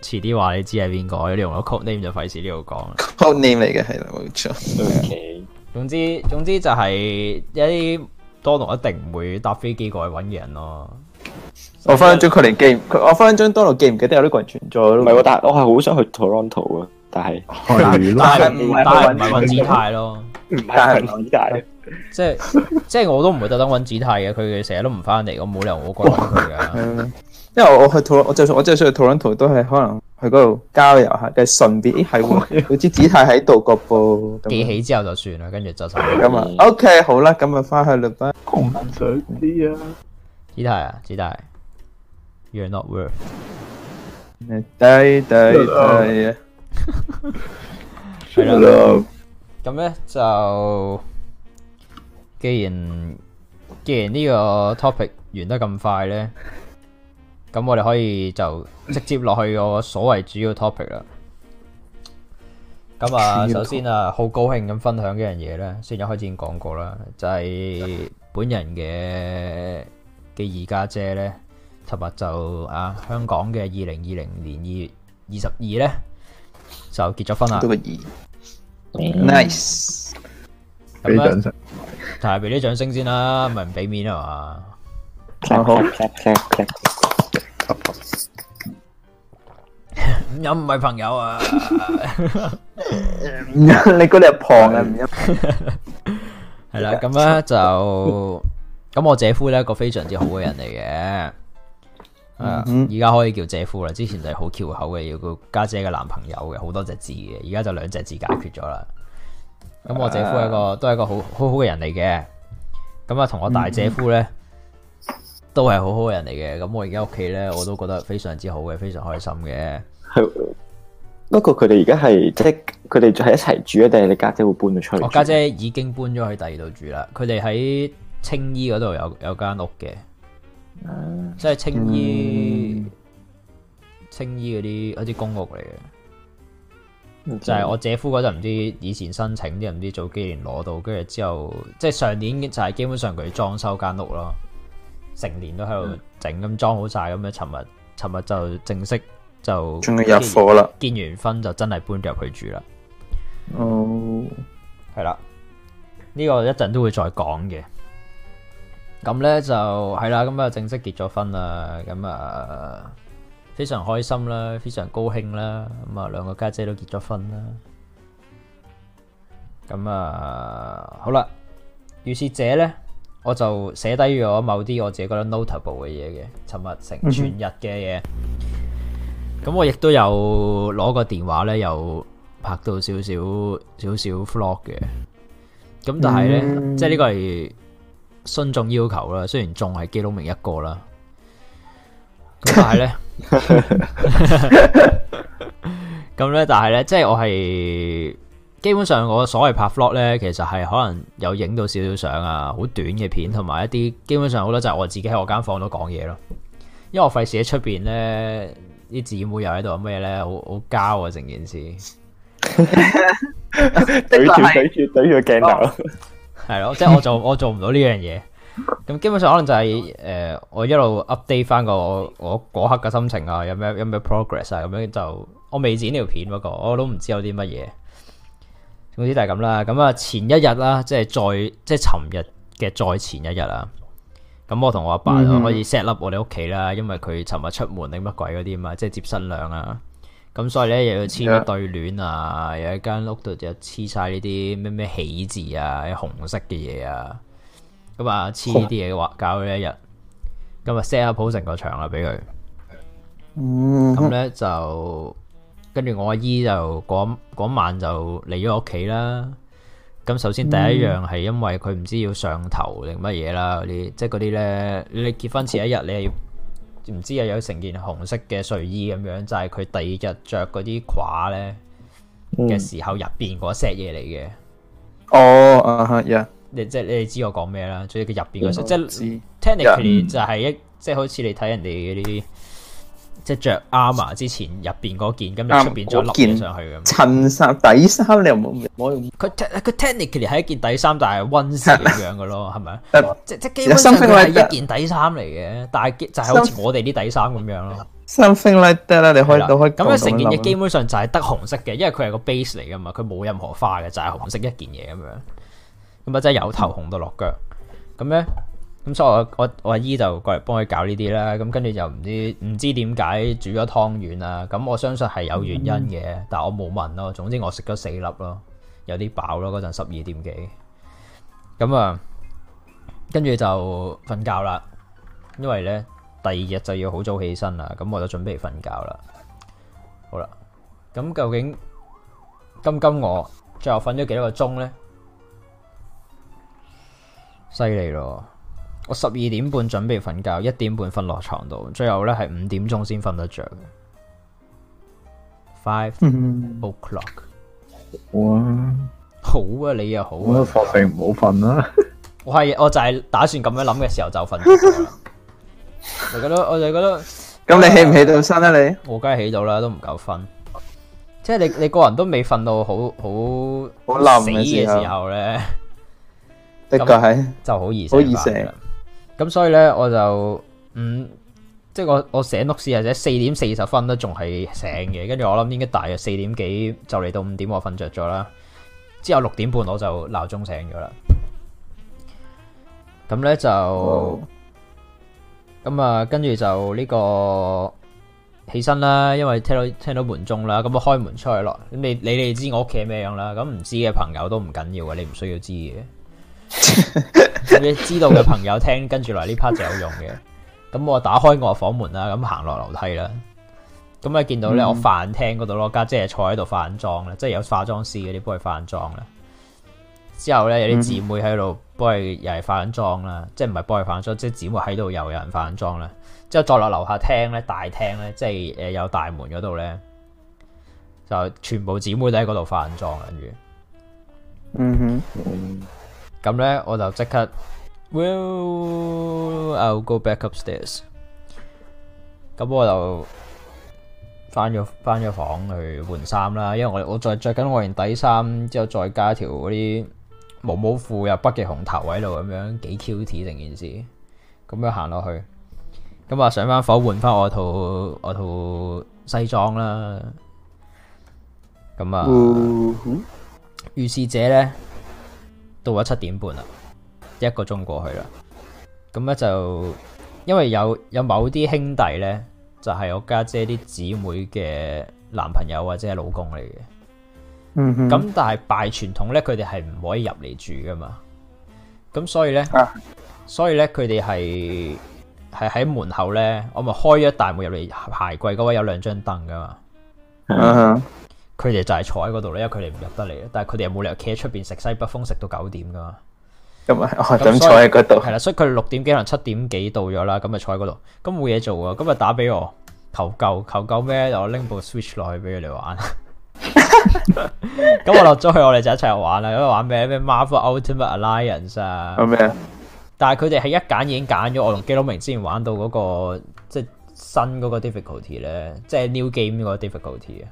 遲啲話你知係邊個，用個 code name 就費事呢度講 code name 嚟嘅係啦，冇錯。O K，總之總之就係一啲 Donald 一定唔會搭飛機過去揾嘅人咯。我分分鐘佢連記，我分分鐘 Donald 記唔記得有呢個人存在咯？唔係，但係我係好想去 Toronto 啊，但係但係唔係唔係，混子派咯，唔係混子派。即係即係，我都唔會特登揾紫泰嘅，佢成日都唔翻嚟，我冇理由我關佢噶。因為我去 onto，我去吐，我就我真係想去多倫多，都係可能去嗰度交流下，但係順便係會好似子太喺度個噃，記 起之後就算啦，跟住就那 okay，就咁啊。OK，好啦，咁啊，翻去啦，公文上啲啊，子太啊，子泰，You're not worth。係啦，咁咧就。既然既然呢個 topic 完得咁快咧，咁我哋可以就直接落去個所謂主要 topic 啦。咁啊，首先啊，好高興咁分享一樣嘢咧，先一開始已經講過啦，就係本人嘅嘅二家姐咧，尋日就啊，香港嘅二零二零年二月二十二咧就結咗婚啦。二 Nice。俾掌聲，提下俾啲掌聲先啦，咪唔俾面啊嘛？掌聲，掌唔飲唔係朋友啊， 你嗰粒糖啊，唔飲。係啦， 咁咧就，咁我姐夫咧，個非常之好嘅人嚟嘅，嗯嗯啊，而家可以叫姐夫啦。之前就係好翹口嘅，要個家姐嘅男朋友嘅，好多隻字嘅，而家就兩隻字解決咗啦。嗯咁我姐夫係一個、啊、都係一個好好好嘅人嚟嘅，咁啊同我大姐夫咧、嗯、都係好好嘅人嚟嘅，咁我而家屋企咧我都覺得非常之好嘅，非常開心嘅。係，不過佢哋而家係即係佢哋就係一齊住啊？定係你家姐、姐會搬咗出嚟？我家姐、姐已經搬咗去第二度住啦，佢哋喺青衣嗰度有有間屋嘅，即係青衣青、嗯、衣嗰啲好似公屋嚟嘅。就係我姐夫嗰陣唔知以前申請啲人唔知早幾年攞到，跟住之後即係上年就係基本上佢裝修間屋咯，成年都喺度整咁裝好晒咁樣，尋日尋日就正式就準備入伙啦，結完婚就真係搬入去住啦。哦、嗯，係啦，呢、呢個一陣都會再講嘅。咁咧就係啦，咁啊正式結咗婚啦，咁啊。非常開心啦，非常高興啦，咁啊兩個家姐，姐都結咗婚啦，咁啊好啦，於是者呢，我就寫低咗某啲我自己覺得 notable 嘅嘢嘅，尋日成全日嘅嘢，咁、嗯、哼我亦都有攞個電話呢，有拍到少少少少 vlog 嘅，咁但係呢，嗯、即係呢個係信眾要求啦，雖然仲係基督徒名一個啦。但係咧，咁咧， 但係咧，即係我係基本上我所謂拍 vlog 咧，其實係可能有影到少少相啊，好短嘅片，同埋一啲基本上好多就係我自己喺我間房度講嘢咯，因為我費事喺出邊咧啲姊妹又喺度咩咧，好好膠啊，成件事。懟住懟住懟住鏡頭，哦，係咯， 即係我做我做唔到呢樣嘢。咁基本上可能就係、是、誒、呃，我一路 update 翻個我嗰刻嘅心情啊，有咩有咩 progress 啊，咁樣就我未剪條片，我不過我都唔知有啲乜嘢。總之就係咁啦。咁啊，前一日啦，即係再即係尋日嘅再前一日啊。咁我同我阿爸啊，可以、嗯、set up 我哋屋企啦，因為佢尋日出門定乜鬼嗰啲啊，即係接新娘啊。咁所以咧又要黐一對聯啊，又一間屋度就黐晒呢啲咩咩喜字啊，紅色嘅嘢啊。咁啊，黐啲嘢嘅話，搞咗一日，咁啊 set up 好成個場啦，俾佢、嗯。咁咧就，跟住我阿姨就嗰晚就嚟咗我屋企啦。咁首先第一樣係因為佢唔知要上頭定乜嘢啦，啲即係嗰啲咧，你結婚前一日你要，唔知又有成件紅色嘅睡衣咁樣，就係、是、佢第二日着嗰啲褂咧嘅時候入邊嗰 set 嘢嚟嘅。哦，啊、uh, 吓、yeah. 你即係你哋知我講咩啦，所以佢入邊嗰層即係 technically 就係一即係好似你睇人哋嗰啲即係着 armor 之前入邊嗰件，咁就出邊再落件上去咁。襯衫底衫你又冇冇？佢佢 technically 係一件底衫，但係溫色咁樣嘅咯，係咪啊？即即基本上係一件底衫嚟嘅，但係就係好似我哋啲底衫咁樣咯。Something like that 你開到開咁樣成件嘢，基本上就係得紅色嘅，因為佢係個 base 嚟噶嘛，佢冇任何花嘅，就係紅色一件嘢咁樣。咁啊，真係有頭紅到落腳，咁咧，咁所以我我阿姨就過嚟幫佢搞呢啲啦，咁跟住就唔知唔知點解煮咗湯圓啦，咁我相信係有原因嘅，但我冇問咯。總之我食咗四粒咯，有啲飽咯，嗰陣十二點幾，咁啊，跟住就瞓覺啦，因為咧第二日就要好早起身啦，咁我就準備瞓覺啦。好啦，咁究竟金金我最後瞓咗幾多個鐘咧？犀利咯！我十二點半準備瞓覺，一點半瞓落床度，最後咧係五點鐘先瞓得着。Five o'clock，好啊，O' clock. 哇好啊，你又好、啊，我索性唔好瞓啦。我係我就係打算咁樣諗嘅時候就瞓。就 覺得我就覺得，咁你起唔起到身啊你？你我梗係起到啦，都唔夠瞓。即係你你個人都未瞓到好好好冧嘅時候咧。的確係就好易醒，好易醒。咁所以咧，我就嗯即係我我醒碌時，或者四點四十分都仲係醒嘅。跟住我諗，應該大約四點幾就嚟到五點，我瞓着咗啦。之後六點半我就鬧鐘醒咗啦。咁咧就咁啊，跟住就呢個起身啦，因為聽到聽到門鐘啦，咁啊開門出去咯。咁你你哋知我屋企係咩樣啦？咁唔知嘅朋友都唔緊要嘅，你唔需要知嘅。俾 知道嘅朋友聽，跟住來呢 part 就有用嘅。咁我打開我房門啦，咁行落樓梯啦。咁啊，見到咧、嗯、我飯廳嗰度咯，家姐係坐喺度化緊妝啦，即係有化妝師嗰啲幫佢化緊妝啦。之後咧有啲姊妹喺度幫佢又係化緊妝啦，即係唔係幫佢化妝，即係姊妹喺度又有人化緊妝啦。之後再落樓下廳咧，大廳咧，即係誒有大門嗰度咧，就全部姊妹都喺嗰度化緊妝，跟住嗯哼。嗯咁咧，我就即刻，Well, I'll go back upstairs。咁我就翻咗翻咗房去換衫啦，因為我我再着緊我件底衫，之後再加條嗰啲毛毛褲入北極紅頭喺度，咁樣幾 cute 成件事。咁樣行落去，咁啊上翻房換翻我套我套西裝啦。咁啊，於是者咧。到咗七點半啦，一個鐘過去啦。咁咧就因為有有某啲兄弟咧，就係、係、我家姐啲姊妹嘅男朋友或者係老公嚟嘅。嗯哼，咁但係拜傳統咧，佢哋係唔可以入嚟住噶嘛。咁所以咧，啊、所以咧，佢哋係係喺門口咧，我咪開咗一大門入嚟，鞋櫃嗰位有兩張凳噶嘛。嗯佢哋就係坐喺嗰度咧，因為佢哋唔入得嚟。但係佢哋又冇理由企喺出邊食西北風，食到九點噶嘛。咁啊、哦，咁坐喺嗰度。係啦，所以佢六點幾可能七點幾到咗啦。咁就坐喺嗰度，咁冇嘢做啊。咁就打俾我求救，求救咩？我拎部 Switch 落去俾佢哋玩。咁我落咗去，我哋就一齊玩啦。咁玩咩？咩 Marvel Ultimate Alliance 啊？玩咩啊？但係佢哋係一揀已經揀咗我同基隆明之前玩到嗰個即係新嗰個 difficulty 咧，即係 new game 嗰個 difficulty 啊。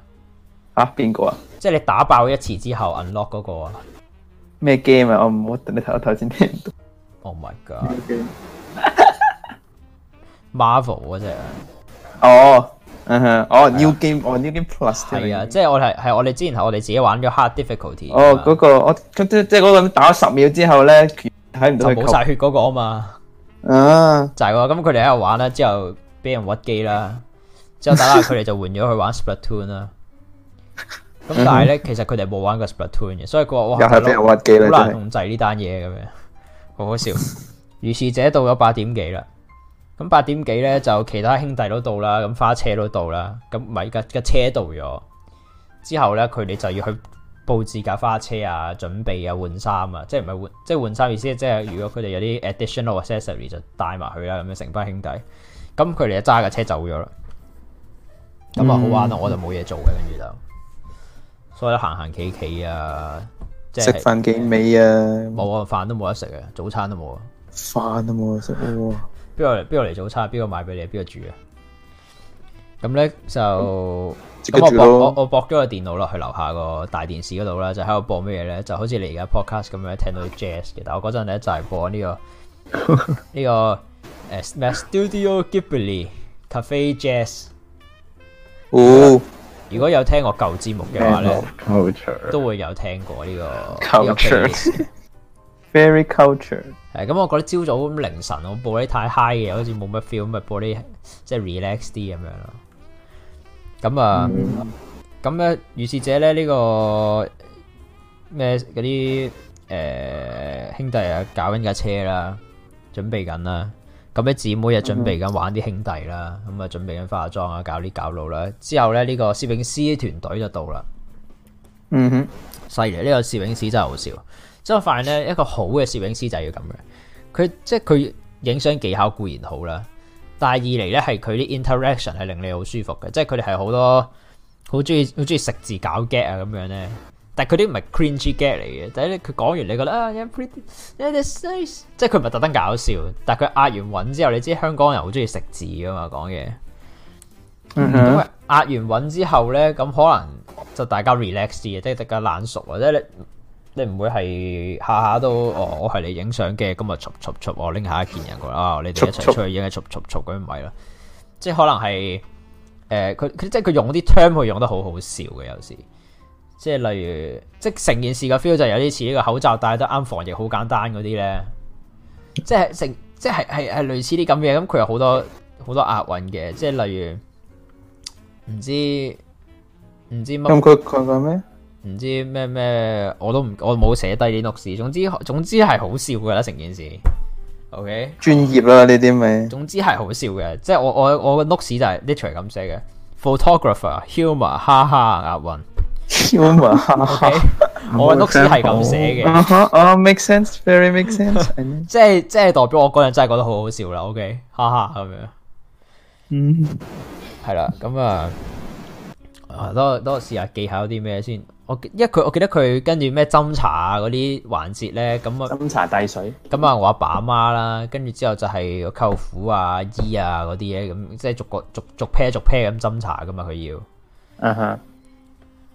啊，邊個啊？即係你打爆一次之後 unlock 嗰個啊？咩 game 啊？我唔好等你睇一睇，我頭先聽到。Oh my god！Marvel 嗰隻啊？哦、oh, uh，嗯哼，哦 new game，哦、啊 oh, new game plus 係啊。即係我係係我哋之前係我哋自己玩咗 hard difficulty。哦，嗰個我即即係嗰個打咗十秒之後咧，睇唔到冇晒血嗰個啊嘛。啊， 就係、是、喎。咁佢哋喺度玩啦，之後俾人屈機啦，之後打下佢哋就換咗去玩， 玩 Splatoon 啦。咁、嗯、但係咧，其實佢哋冇玩過 Splatoon 嘅，所以佢話哇，又係俾人屈機難控制呢單嘢咁樣，好好笑。如 是者到咗八點幾啦，咁八點幾咧就其他兄弟都到啦，咁花車都到啦，咁咪依家架車到咗之後咧，佢哋就要去布置架花車啊，準備啊，換衫啊，即係唔係換，即係換衫意思即係如果佢哋有啲 additional accessory 就帶埋去啦，咁樣成班兄弟，咁佢哋就揸架車走咗啦，咁啊好玩咯，嗯、我就冇嘢做嘅跟住就。所以行行企企啊，即係食飯幾味啊？冇啊，飯都冇得食啊，早餐都冇啊，飯都冇得食啊。邊個邊個嚟早餐？邊個買俾你？邊個煮？啊？咁咧就咁、嗯、我播我我播咗個電腦落去樓下個大電視嗰度啦，就喺度播咩嘢咧？就好似你而家 podcast 咁樣聽到 jazz 嘅，但我嗰陣咧就係、是、播呢、這個呢、 這個 Sma sh Studio Ghibli Cafe Jazz。哦。嗯如果有聽我舊節目嘅話咧，of 都會有聽過呢、這個 culture，very culture。係咁，我覺得朝早咁凌晨我播啲太 high 嘅，好似冇乜 feel 咁，咪播啲即係 relax 啲咁樣咯。咁、嗯、啊，咁咧預示者如是者咧呢、這個咩嗰啲誒兄弟啊，搞緊架車啦，準備緊啦。咁啲姊妹又準備緊玩啲兄弟啦，咁啊準備緊化妝啊，搞啲搞路啦。之後咧呢個攝影師團隊就到啦。嗯哼，犀利！呢個攝影師真係好笑。即係我發現咧，一個好嘅攝影師就係要咁嘅。佢即係佢影相技巧固然好啦，但係二嚟咧係佢啲 interaction 係令你好舒服嘅。即係佢哋係好多好中意好中意食字搞 get 啊咁樣咧。但係佢啲唔係 cringy gag 嚟嘅，但係咧佢講完你覺得啊，你 pretty，你係 nice，即係佢唔係特登搞笑，但係佢壓完韻之後，你知香港人好中意食字噶嘛講嘢，因為壓完韻之後咧，咁可能就大家 relax 啲嘅，即係大家懶熟或者你你唔會係下下都哦，我係你影相嘅，今日撮撮撮我拎下一件人過啊，你哋一齊出去影嘅撮撮撮咁咪咯，即係可能係誒佢即係佢用嗰啲 term 佢用得好好笑嘅有時。即係例如，即係成件事嘅 feel 就有啲似呢個口罩戴得啱防疫好簡單嗰啲咧。即係成，即係係係類似啲咁嘅。咁佢有好多好多押韻嘅。即係例如，唔知唔知乜咁佢咩？唔知咩咩？我都唔我冇寫低啲 o 六字。總之總之係好笑噶啦，成件事。O K 專業啦，呢啲咪總之係好笑嘅。即係我我我嘅六字就係 literally 咁寫嘅 photographer humor 哈哈押韻。 okay, 我嘅屋企 o r s 係咁寫嘅，make sense，very make sense，即係即係代表我嗰陣真係覺得好好笑啦，OK，哈哈咁樣，嗯 ，係啦，咁啊，啊，多多試下技巧啲咩先，我一佢，因為我記得佢跟住咩斟茶啊嗰啲環節咧，咁啊斟茶遞水，咁、嗯、啊我阿爸阿媽啦，跟住之後就係我舅父啊姨啊嗰啲嘢，咁即係逐個逐逐 pair 逐 pair 咁斟茶噶嘛，佢要，嗯哼。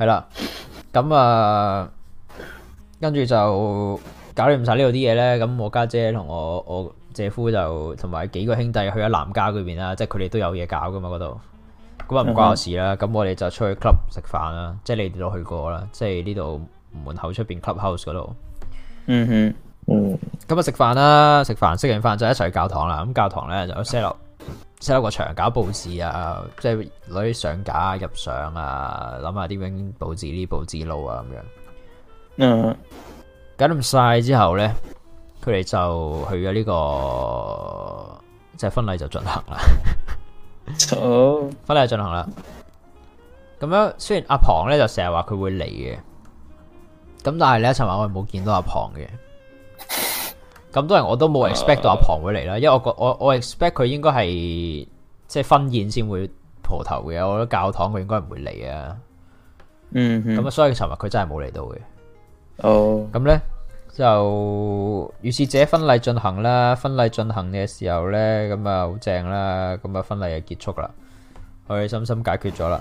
係啦，咁啊，跟住就搞掂晒呢度啲嘢咧。咁我家姐同我我姐夫就同埋幾個兄弟去咗南家嗰邊啦，即係佢哋都有嘢搞噶嘛嗰度。咁啊唔關我事啦。咁、嗯嗯、我哋就出去 club 食飯啦，即係你哋都去過啦，即係呢度門口出邊 club house 嗰度。嗯哼、嗯嗯，咁啊食飯啦，食飯食完飯就一齊去教堂啦。咁教堂咧就 set up。即係個場搞布置啊，即係攞啲相架入相啊，諗下點樣布置呢、布置路啊咁樣。嗯，搞掂晒之後咧，佢哋就去咗呢、這個，即係婚禮就進、是、行啦。好， 婚禮進行啦。咁樣雖然阿龐咧就成日話佢會嚟嘅，咁但係呢尋晚我哋冇見到阿龐嘅。咁多人我都冇 expect 到阿龐會嚟啦，因為我覺我我 expect 佢應該係即係婚宴先會蒲頭嘅，我覺得教堂佢應該唔會嚟啊。嗯，咁啊，所以尋日佢真係冇嚟到嘅。哦，咁咧就如是者婚禮進行啦，婚禮進行嘅時候咧，咁啊好正啦，咁啊婚禮就結束啦，開心心解決咗啦。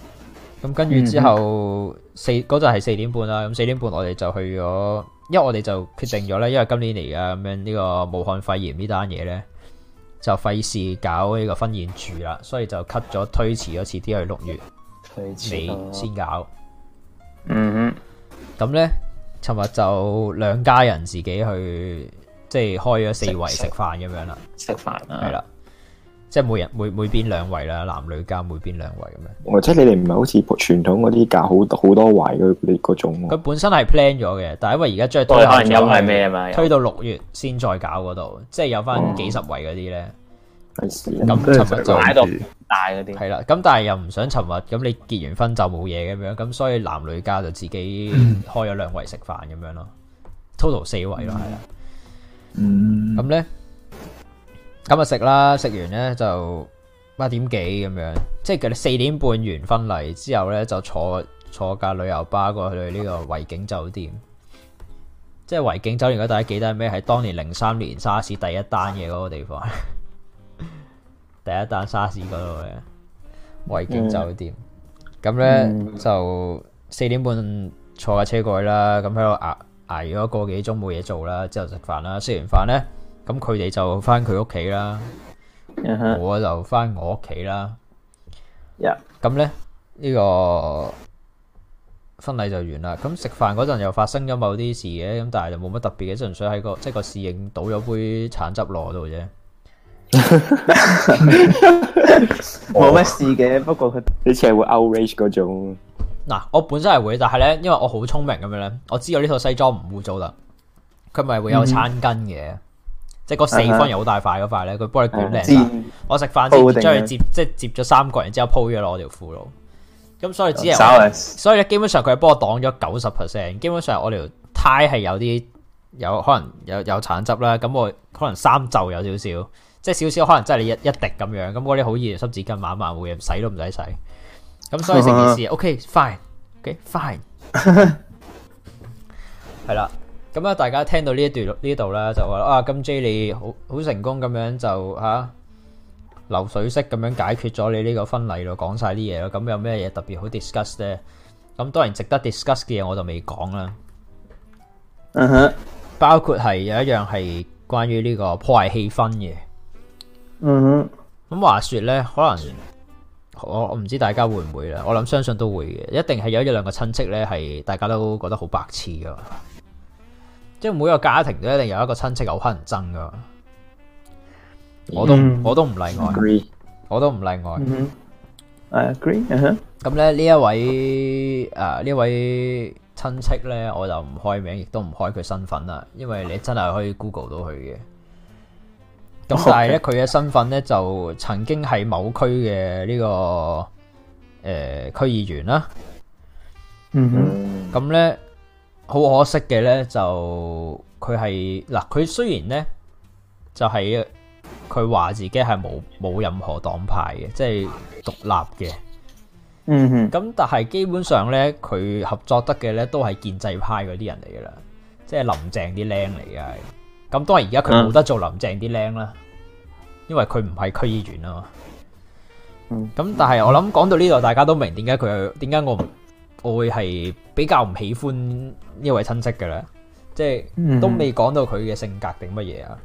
咁跟住之後四嗰陣係四點半啦，咁四點半我哋就去咗。因為我哋就決定咗咧，因為今年嚟噶咁樣呢個武漢肺炎呢單嘢咧，就費事搞呢個婚宴住啦，所以就 cut 咗，推遲咗，遲啲去六月尾先搞。嗯，咁咧，尋日就兩家人自己去，即係開咗四圍食飯咁樣啦，食飯係啦。啊即係每人每每邊兩位啦，男女家每邊兩位咁樣。或者你哋唔係好似傳統嗰啲搞好多好多圍嘅你嗰種。佢本身係 plan 咗嘅，但係因為而家即係推到可能有係咩啊嘛。推到六月先再搞嗰度，即係有翻幾十圍嗰啲咧。咁尋日就喺度帶嗰啲。係啦，咁但係又唔想尋日，咁你結完婚就冇嘢咁樣，咁所以男女家就自己開咗兩圍食飯咁樣咯，total 四圍咯，係啦。嗯。咁咧？咁啊食啦，食完咧就八、啊、點幾咁樣，即係佢哋四點半完婚禮之後咧，就坐坐架旅遊巴過去呢個維景酒店。即係維景酒店，大家記得咩？係當年零三年沙士第一單嘅嗰個地方，第一單沙士嗰度嘅維景酒店。咁咧就四點半坐架車過去啦。咁喺度挨挨咗個幾鐘冇嘢做啦，之後食飯啦。食完飯咧。咁佢哋就翻佢屋企啦，我就翻我屋企啦。咁、嗯、哼呢，呢、呢個婚禮就完啦。咁食飯嗰陣又發生咗某啲事嘅，咁但係就冇乜特別嘅，純粹喺個即係、就是、個侍應倒咗杯橙汁落度啫。冇乜事嘅，不過佢好似係會 outrage 嗰種。嗱、啊，我本身係會，但係呢，因為我好聰明咁樣呢。我知道呢套西裝唔污糟啦。佢咪會有餐巾嘅。嗯即係嗰四方又好大塊嗰塊咧，佢幫、uh huh. 你捲靚啦。Uh huh. 我食飯之前將佢接，即係接咗三角，然之後鋪咗落我條褲咯。咁所以之後，所以咧基本上佢係幫我擋咗九十 percent。基本上我條胎係有啲，有可能有有橙汁啦。咁我可能三袖有少少，即係少少可能真係一一滴咁樣。咁嗰啲好易濕紙巾晚抹會，唔洗都唔使洗。咁所以成件事、uh huh.，OK fine，OK fine，係、okay, 啦。 咁啊！大家聽到呢一段呢度咧，就話啊，咁 Jay 你好好成功咁樣就嚇、啊、流水式咁樣解決咗你呢個婚禮咯，講晒啲嘢咯。咁有咩嘢特別好 discuss 咧？咁當然值得 discuss 嘅嘢，我就未講啦。包括係有一樣係關於呢個破壞氣氛嘅。嗯。咁話說呢，可能我我唔知大家會唔會啦，我諗相信都會嘅，一定係有一兩個親戚呢，係大家都覺得好白痴噶。即係每個家庭都一定有一個親戚好乞人憎噶，我都我都唔例外，我都唔例外。嗯哼、mm，咁、hmm. 咧、uh huh. 呢一位誒、啊、呢位親戚咧，我就唔開名，亦都唔開佢身份啦，因為你真係可以 Google 到佢嘅。咁但係咧，佢嘅 Okay. 身份咧就曾經係某區嘅呢個誒區、呃、議員啦。嗯哼、mm，咁、hmm. 咧。好可惜嘅咧，就佢係嗱，佢雖然咧就係佢話自己係冇冇任何黨派嘅，即係獨立嘅。嗯哼，咁但係基本上咧，佢合作得嘅咧都係建制派嗰啲人嚟嘅啦，即係林鄭啲靚嚟嘅。咁當然而家佢冇得做林鄭啲靚啦，因為佢唔係區議員啊嘛。咁但係我諗講到呢度，大家都明點解佢點解我唔。我會係比較唔喜歡呢位親戚嘅咧，即係都未講到佢嘅性格定乜嘢啊。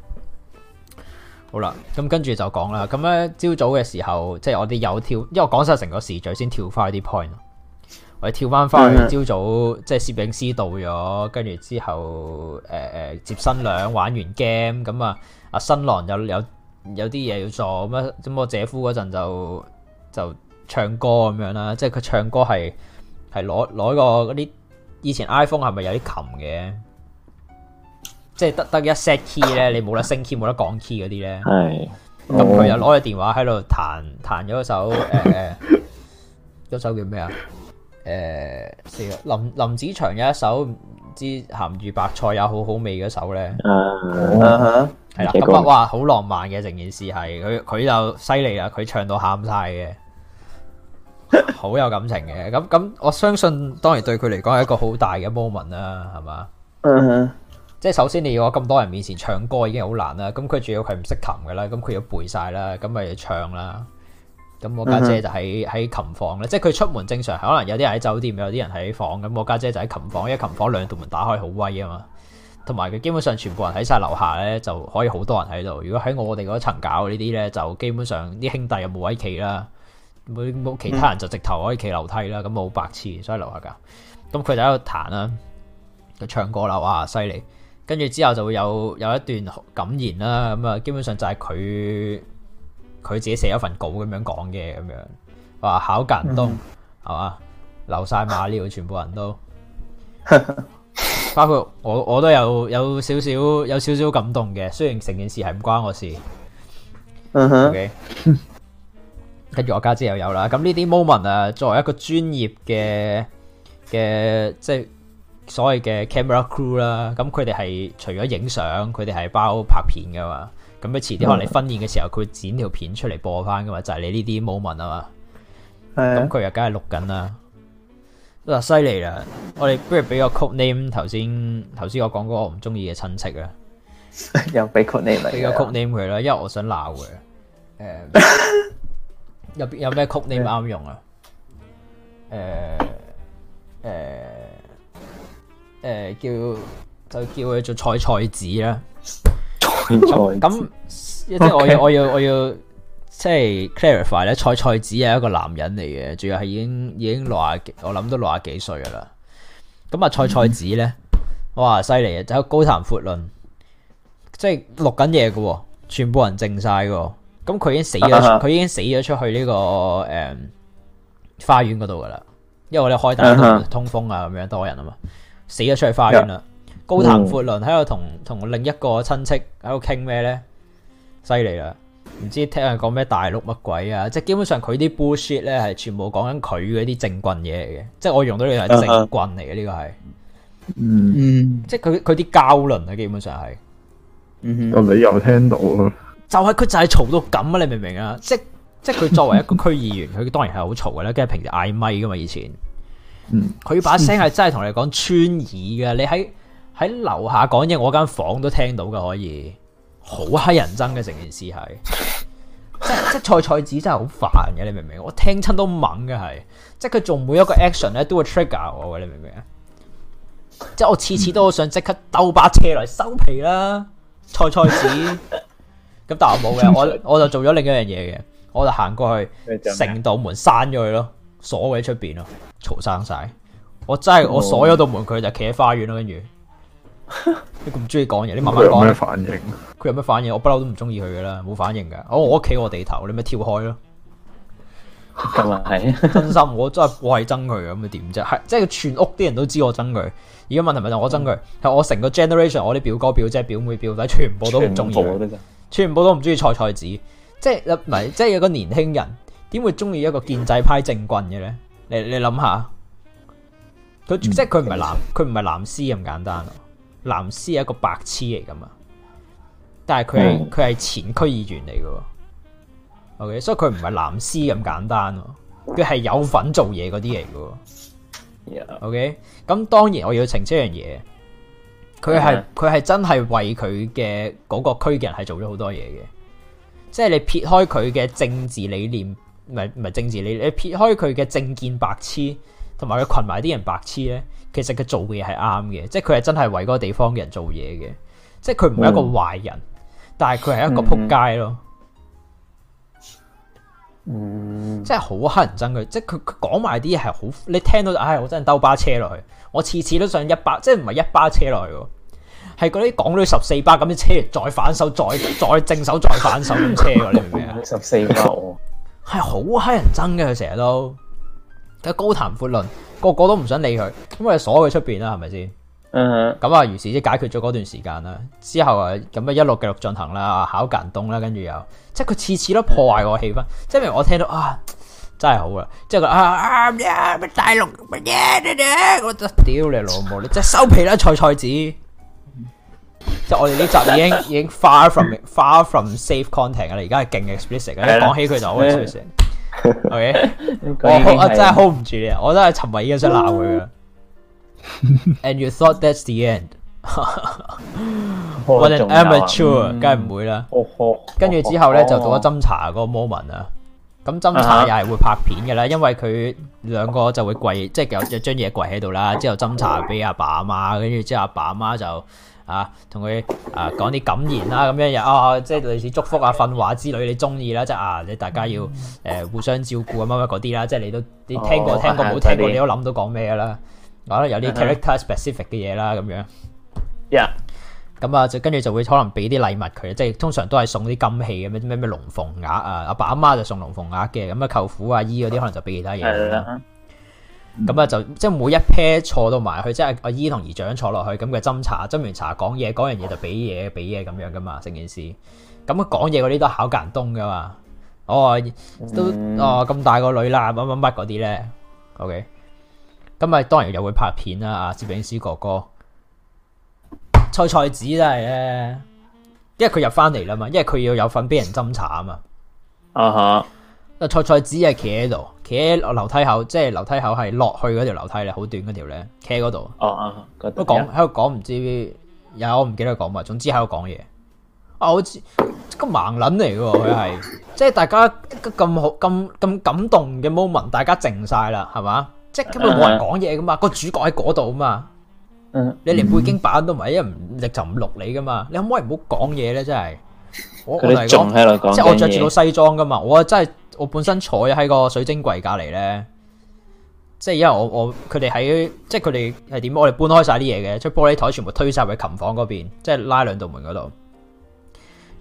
好啦，咁跟住就講啦。咁咧，朝早嘅時候，即係我哋有跳，因為我講晒成個時序先跳翻啲 point，我哋跳翻翻去朝早，即係攝影師到咗，跟住之後誒誒、呃、接新娘玩完 game 咁啊。阿新郎有有有啲嘢要做咁啊，咁我姐夫嗰陣就就唱歌咁樣啦，即係佢唱歌係。係攞攞個嗰啲以前 iPhone 係咪有啲琴嘅？即係得得一 set key 咧，你冇得升 key，冇得降 key 嗰啲咧。係咁佢又攞隻電話喺度彈彈咗一首誒誒， 呃、一首叫咩啊？誒、呃，是林林子祥有一首唔知鹹魚白菜有好好味嗰首咧。啊係啦，咁、huh. 啊的哇，好浪漫嘅成件事係佢佢就犀利啦，佢唱到喊晒嘅。好有感情嘅，咁咁我相信，當然對佢嚟講係一個好大嘅 moment 啦，係嘛？Uh huh. 即係首先你要喺咁多人面前唱歌已經好難啦，咁佢仲要佢唔識琴噶啦，咁佢要背晒啦，咁咪唱啦。咁我家姐就喺喺琴房咧，uh huh. 即係佢出門正常，可能有啲人喺酒店，有啲人喺房，咁我家姐就喺琴房，因為琴房兩道門打開好威啊嘛，同埋佢基本上全部人喺晒樓下咧就可以好多人喺度，如果喺我哋嗰層搞呢啲咧，就基本上啲兄弟又冇位企啦。每冇其他人就直頭可以企樓梯啦，咁冇白痴，所以樓下架。咁佢就喺度彈啦，佢唱歌啦，哇犀利！跟住之後就會有有一段感言啦，咁啊，基本上就係佢佢自己寫咗份稿咁樣講嘅，咁樣話考感動係嘛，流晒、嗯、馬尿，全部人都，包括我我都有有少少有少少感動嘅，雖然成件事係唔關我事。嗯哼 Okay. 跟住我家姐又有啦，咁呢啲 moment 啊，作為一個專業嘅嘅即係所謂嘅 camera crew 啦，咁佢哋係除咗影相，佢哋係包拍片噶嘛，咁佢遲啲話你婚宴嘅時候，佢 剪條片出嚟播翻噶嘛，就係、是、你呢啲 moment 啊嘛，咁佢又梗係錄緊啦，嗱犀利啦，我哋不如俾個 code name，頭先頭先我講過我唔中意嘅親戚啊， 又俾 code name，俾個 code name 佢啦， 因為我想鬧佢，誒。Uh, maybe. 入邊有咩曲你唔啱用啊？誒誒誒叫就叫佢做菜菜子啦。菜菜咁 Okay. 即係我要我要我要即係 clarify 咧，菜菜子係一個男人嚟嘅，仲要係已經已經六廿幾，我諗都六廿幾歲噶啦。咁啊，菜菜子咧，哇犀利啊！就喺、高談闊論，即係錄緊嘢嘅喎，全部人靜曬㗎。咁佢已經死咗，佢、uh huh. 已經死咗出去呢、這個誒、嗯、花園嗰度噶啦，因為我哋開大通風啊，咁樣多人啊嘛，死咗出去花園啦。Uh huh. 高談闊論喺度同同另一個親戚喺度傾咩咧？犀利啦！唔知聽人講咩大陸乜鬼啊？即係基本上佢啲 bullshit 咧係全部講緊佢嗰啲政棍嘢嚟嘅，即係我用到呢個係政棍嚟嘅呢個係，嗯、uh，huh. 即係佢佢啲膠輪啊，基本上係，嗯哼、uh，你、huh. 又聽到、啊就係佢就係嘈到咁啊！你明唔明啊？即即佢作為一個區議員，佢當然係好嘈嘅啦。跟住平時嗌咪噶嘛，以前、嗯，佢把聲係真係同你講穿耳噶。你喺喺樓下講嘢，我間房都聽到噶，可以好乞人憎嘅成件事係， 即即菜菜子真係好煩嘅，你明唔明？我聽親都懵嘅係，即佢做每一個 action 咧都會 trigger 我，你明唔明啊？即我次次都好想即刻兜把車嚟收皮啦，菜菜子。 咁但係冇嘅，我我就做咗另一樣嘢嘅，我就行過去，成道門閂咗佢咯，鎖喺出邊咯，嘈生晒，我真係我鎖咗道門，佢就企喺花園咯，跟住你咁中意講嘢，你慢慢講。佢咩反應？佢有咩反應？我不嬲都唔中意佢噶啦，冇反應噶。我我屋企我地頭，你咪跳開咯。係、啊，真心 我真係我係憎佢咁，咪點啫？即係全屋啲人都知我憎佢，而家問題咪就我憎佢，係、嗯、我成個 generation，我啲表哥表姐表妹表弟全部都唔中意。全部都唔中意蔡蔡子，即係唔係？即係有個年輕人點會中意一個建制派政棍嘅咧？你你諗下，佢即係佢唔係藍，佢唔係藍絲咁簡單咯。藍絲係一個白痴嚟噶嘛？但係佢佢係前區議員嚟嘅，ok，所以佢唔係藍絲咁簡單咯。佢係有份做嘢嗰啲嚟嘅，ok。咁當然我要澄清一樣嘢。佢係佢係真係為佢嘅嗰個區嘅人係做咗好多嘢嘅，即係你撇開佢嘅政治理念，唔係唔係政治理念，你撇開佢嘅政見白痴，同埋佢群埋啲人白痴咧，其實佢做嘅嘢係啱嘅，即係佢係真係為嗰個地方嘅人做嘢嘅，即係佢唔係一個壞人，嗯，但係佢係一個撲街咯。嗯，即係好黑人憎佢，即係佢佢講埋啲係好，你聽到唉、哎，我真係兜巴車落去，我次次都想一巴，即係唔係一巴車落去，係嗰啲講到十四巴咁啲車，再反手再再正手再反手咁車，你明唔明啊？十四巴，係好黑人憎嘅，佢成日都即係高談闊論，個個都唔想理佢，咁為鎖佢出邊啦，係咪先？咁啊，於、嗯、是即解決咗嗰段時間啦，之後啊，咁啊一路繼續進行啦，考間東啦，跟住又，即係佢次次都破壞我氣氛，即係我聽到啊，真係好即啊，即係佢啊咩大龍咩嘢，我真係屌你老母，你即係收皮啦，菜菜子， 即係我哋呢集已經已經 far from far from safe content 啦，而家係勁 explicit 嘅，講 起佢就 it，okay? 我先，我我真係 hold 唔住你， 我都係沉迷依家想鬧佢啊。 And you thought that's the end？What an amateur, 梗係唔會啦。跟住，嗯哦哦，之後咧，哦，就到咗斟茶嗰個 moment 啊。咁，嗯，斟茶又係會拍片嘅啦，因為佢兩個就會跪，即係有有張嘢跪喺度啦。之後斟茶俾阿爸阿媽，跟住之後阿爸阿媽就啊同佢啊講啲感言啦，啊，咁樣又哦，啊，即係類似祝福啊訓話之類你，你中意啦即係啊你大家要誒，呃，互相照顧啊乜乜嗰啲啦，即係你都你聽過聽過冇聽過，你都諗到講咩啦。有啲 character specific 嘅嘢啦，咁樣咁 Yeah. 啊，就跟住就會可能俾啲禮物佢，即、就、係、是、通常都係送啲金器咁，啲咩咩龍鳳鈪啊，阿爸阿媽就送龍鳳鈪嘅，咁啊，舅父阿姨嗰啲可能就俾其他嘢。咁啊就即係每一 pair 坐到埋去，即係阿姨同姨丈坐落去，咁佢斟茶，斟完茶講嘢，講完嘢就俾嘢，俾嘢咁樣噶嘛，成件事。咁啊講嘢嗰啲都考夾人東噶嘛，哦，都、mm. 哦咁大個女啦，乜乜乜嗰啲咧，ok。咁咪，當然又會拍片啦。啊，攝影師哥哥，菜菜子真係咧，因為佢入翻嚟啦嘛，因為佢要有份俾人斟茶啊嘛。啊哈、uh！啊、huh.，蔡蔡子係企喺度，企喺樓梯口，即係樓梯口係落去嗰條樓梯咧，好短嗰條咧，企喺嗰度。哦哦、uh，都講喺度講，唔知有我唔記得講嘛。總之喺度講嘢。啊，好似個盲撚嚟嘅佢係，即係大家咁好咁咁感動嘅 moment，大家靜晒啦，係嘛？即係根本冇人講嘢噶嘛，個、uh, 主角喺嗰度啊嘛。Uh, 你連背景板都唔係，因為力錄，你就唔錄你噶嘛。你可唔可以唔好講嘢咧？真係，我仲喺度即係是話我着住套西裝噶嘛。我真係我本身坐喺個水晶櫃隔籬咧，即係因為我我佢哋喺即係佢哋係點？我哋搬開晒啲嘢嘅，將玻璃台全部推晒去琴房嗰邊，即係拉兩道門嗰度。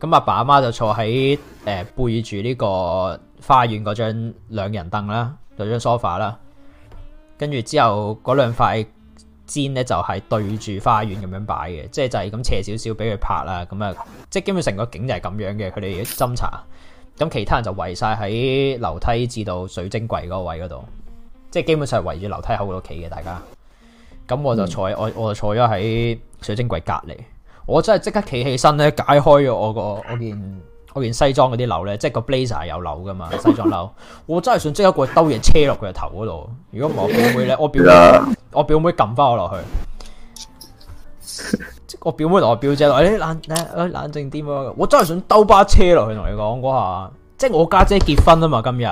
咁、嗯、阿爸阿媽就坐喺誒、呃、背住呢個花園嗰張兩人凳啦，兩張 sofa 啦。跟住之後嗰兩塊氈咧就係、是、對住花園咁樣擺嘅，即係就係咁斜少少俾佢拍啦。咁啊，即係基本成個景就係咁樣嘅。佢哋斟茶，咁其他人就圍晒喺樓梯至到水晶櫃嗰個位嗰度，即係基本上係圍住樓梯口嗰度企嘅。大家咁我就坐、嗯、我我就坐咗喺水晶櫃隔籬，我真係即刻企起身咧，解開咗我個我件。我件西裝嗰啲鈕咧，即係個 blazer 有鈕噶嘛。西裝鈕，我真係想即刻過去兜嘢車落佢個頭嗰度。如果唔係我表妹咧，我表妹，我表妹撳翻我落去。即係我表妹同我，我，我表姐說，我、哎、哋冷誒誒冷靜啲。我真係想兜巴車落去同你講嗰下，即係我家姐，姐結婚啊嘛。今日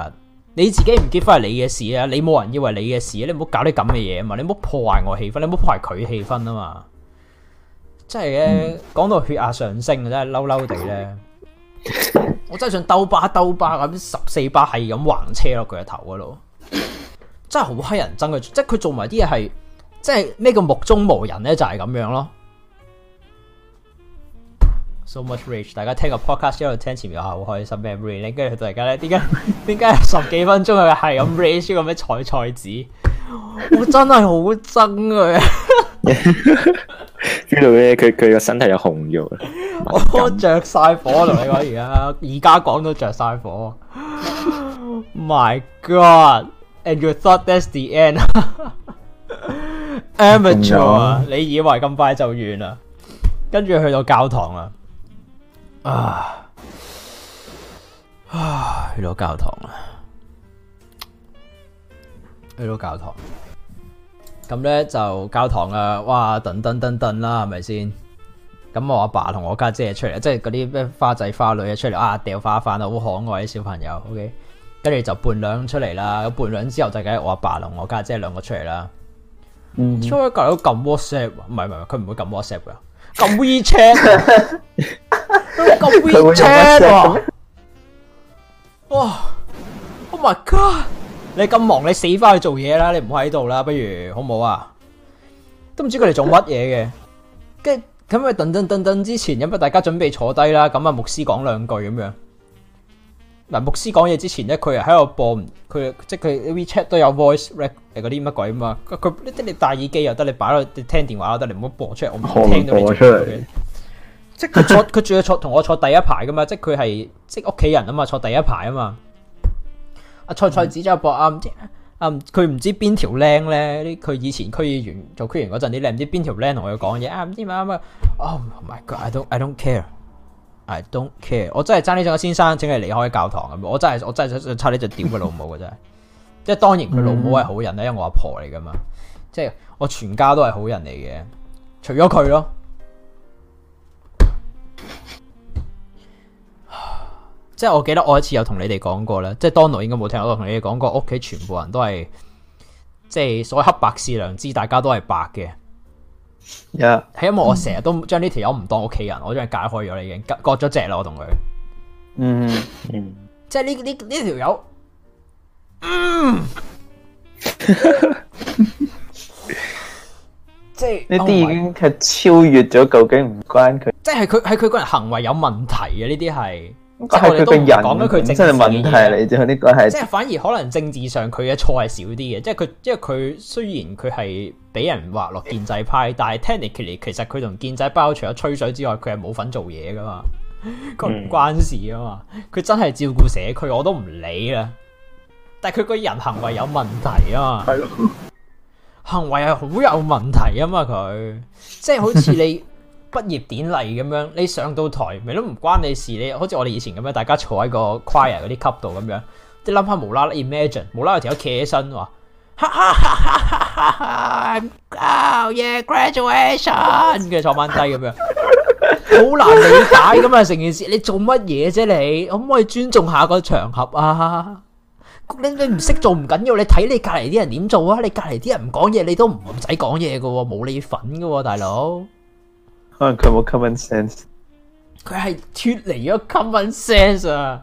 你自己唔結婚係你嘅事啊，你冇人以為你嘅事啊。你唔好搞啲咁嘅嘢啊嘛。你唔好破壞我氣氛，你唔好破壞佢嘅氣氛啊嘛真係。即係咧，講到血壓上升，真係嬲嬲地咧。我真係想兜巴兜巴，咁十四巴係咁橫車落佢頭頭嗰度，真係好乞人憎佢。即係佢做埋啲嘢係，即係呢個目中無人咧？就係咁樣咯。So much rage！大家聽個 podcast 一度聽，前面又係好開心，memory 咧，跟住 大家咧，點解點解十幾分鐘佢係咁 rage 咁樣採菜籽？我真係好憎佢。知道咩？佢佢個身體又紅咗。我着晒火同你講而家，而家講到着晒火。My God，and you thought that's the end？Amateur， 了你以為咁快就完啦？跟住去到教堂啦。啊啊，去到教堂啦，去到教堂。咁咧就教堂啊，哇，等等等等啦，係咪先？咁我阿爸同我家姐，姐出嚟，即係嗰啲咩花仔花女啊出嚟啊，掉花瓣啊，好可愛啲小朋友。OK，跟住就伴娘出嚟啦。有伴娘之後就梗係我阿爸同我家姐，姐兩個出嚟啦。嗯哼，超級都撳 WhatsApp，唔係唔係，佢唔會撳 WhatsApp 嘅，撳 WeChat，撳 WeChat 哇 Oh my god！你咁忙，你死翻去做嘢啦！你唔好喺度啦，不如好唔好啊？都唔知佢哋做乜嘢嘅。跟咁咪噔噔噔噔，之前，咁啊大家準備坐低啦。咁啊牧師講兩句咁樣。嗱，牧師講嘢之前咧，佢又喺度播，佢即係佢 WeChat 都有 voice rec 嗰啲乜鬼啊嘛。佢，你戴耳機又得，你擺落聽電話又得，你唔好播出嚟，我聽到你出嚟。即係他佢坐，佢仲要坐同我坐第一排噶嘛？即係佢係即係屋企人啊嘛，坐第一排啊嘛。菜菜指咗周博啊唔、uh, 知啊，佢唔知邊條僆咧，啲佢以前區議員做區議員嗰陣啲僆唔知邊條僆同佢講嘢啊唔知嘛啊嘛，Oh my God! I don't I don't care I don't care！我真係爭呢種嘅先生請你離開教堂咁，我真係我真係想想拆呢隻屌嘅老母嘅真係， 即係當然佢老母係好人咧，因為我阿 Yeah. 婆嚟噶嘛，即係我全家都係好人嚟嘅，除咗佢咯。即係我記得我一次有同你哋講過咧，即係當 Donald 應該冇聽，我同你哋講過，屋企全部人都係即係所謂黑白是良知，大家都係白嘅。係 Yeah. 因為我成日都將呢條友唔當屋企人，我將佢解開咗你已經割咗只啦，我同佢。嗯、hmm. 即係呢呢呢條友，嗯，即係呢啲已經係超越咗，究竟唔關佢。即係佢係佢個人行為有問題嘅，呢啲係。就係佢個人本身嘅問題嚟啫，呢個係即係反而可能政治上佢嘅錯係少啲嘅，即係佢即係佢雖然佢係俾人劃落建制派，嗯、但係 technically，其實佢同建制包除咗吹水之外，佢係冇份做嘢噶嘛，佢唔關事啊嘛，佢、嗯、真係照顧社區，我都唔理啦。但係佢個人行為有問題啊嘛，是的行為係好有問題啊嘛，佢即係好似你。 畢業典禮咁樣，你上到台咪都唔關你事。你好似我哋以前咁樣，大家坐喺個 choir 嗰啲級度咁樣，即係諗下無啦啦，imagine 無啦啦，條友企起身話：哈哈哈！哈哈哈！I'm going graduation 嘅坐返低咁樣，好難理解咁啊！成件事你做乜嘢啫？你可唔可以尊重下個場合啊？你你唔識做唔緊要，你睇你隔離啲人點做啊？你隔離啲人唔講嘢，你都唔使講嘢㗎喎，冇你份㗎喎，大佬。佢冇 common sense，佢係脫離咗 common sense 啊！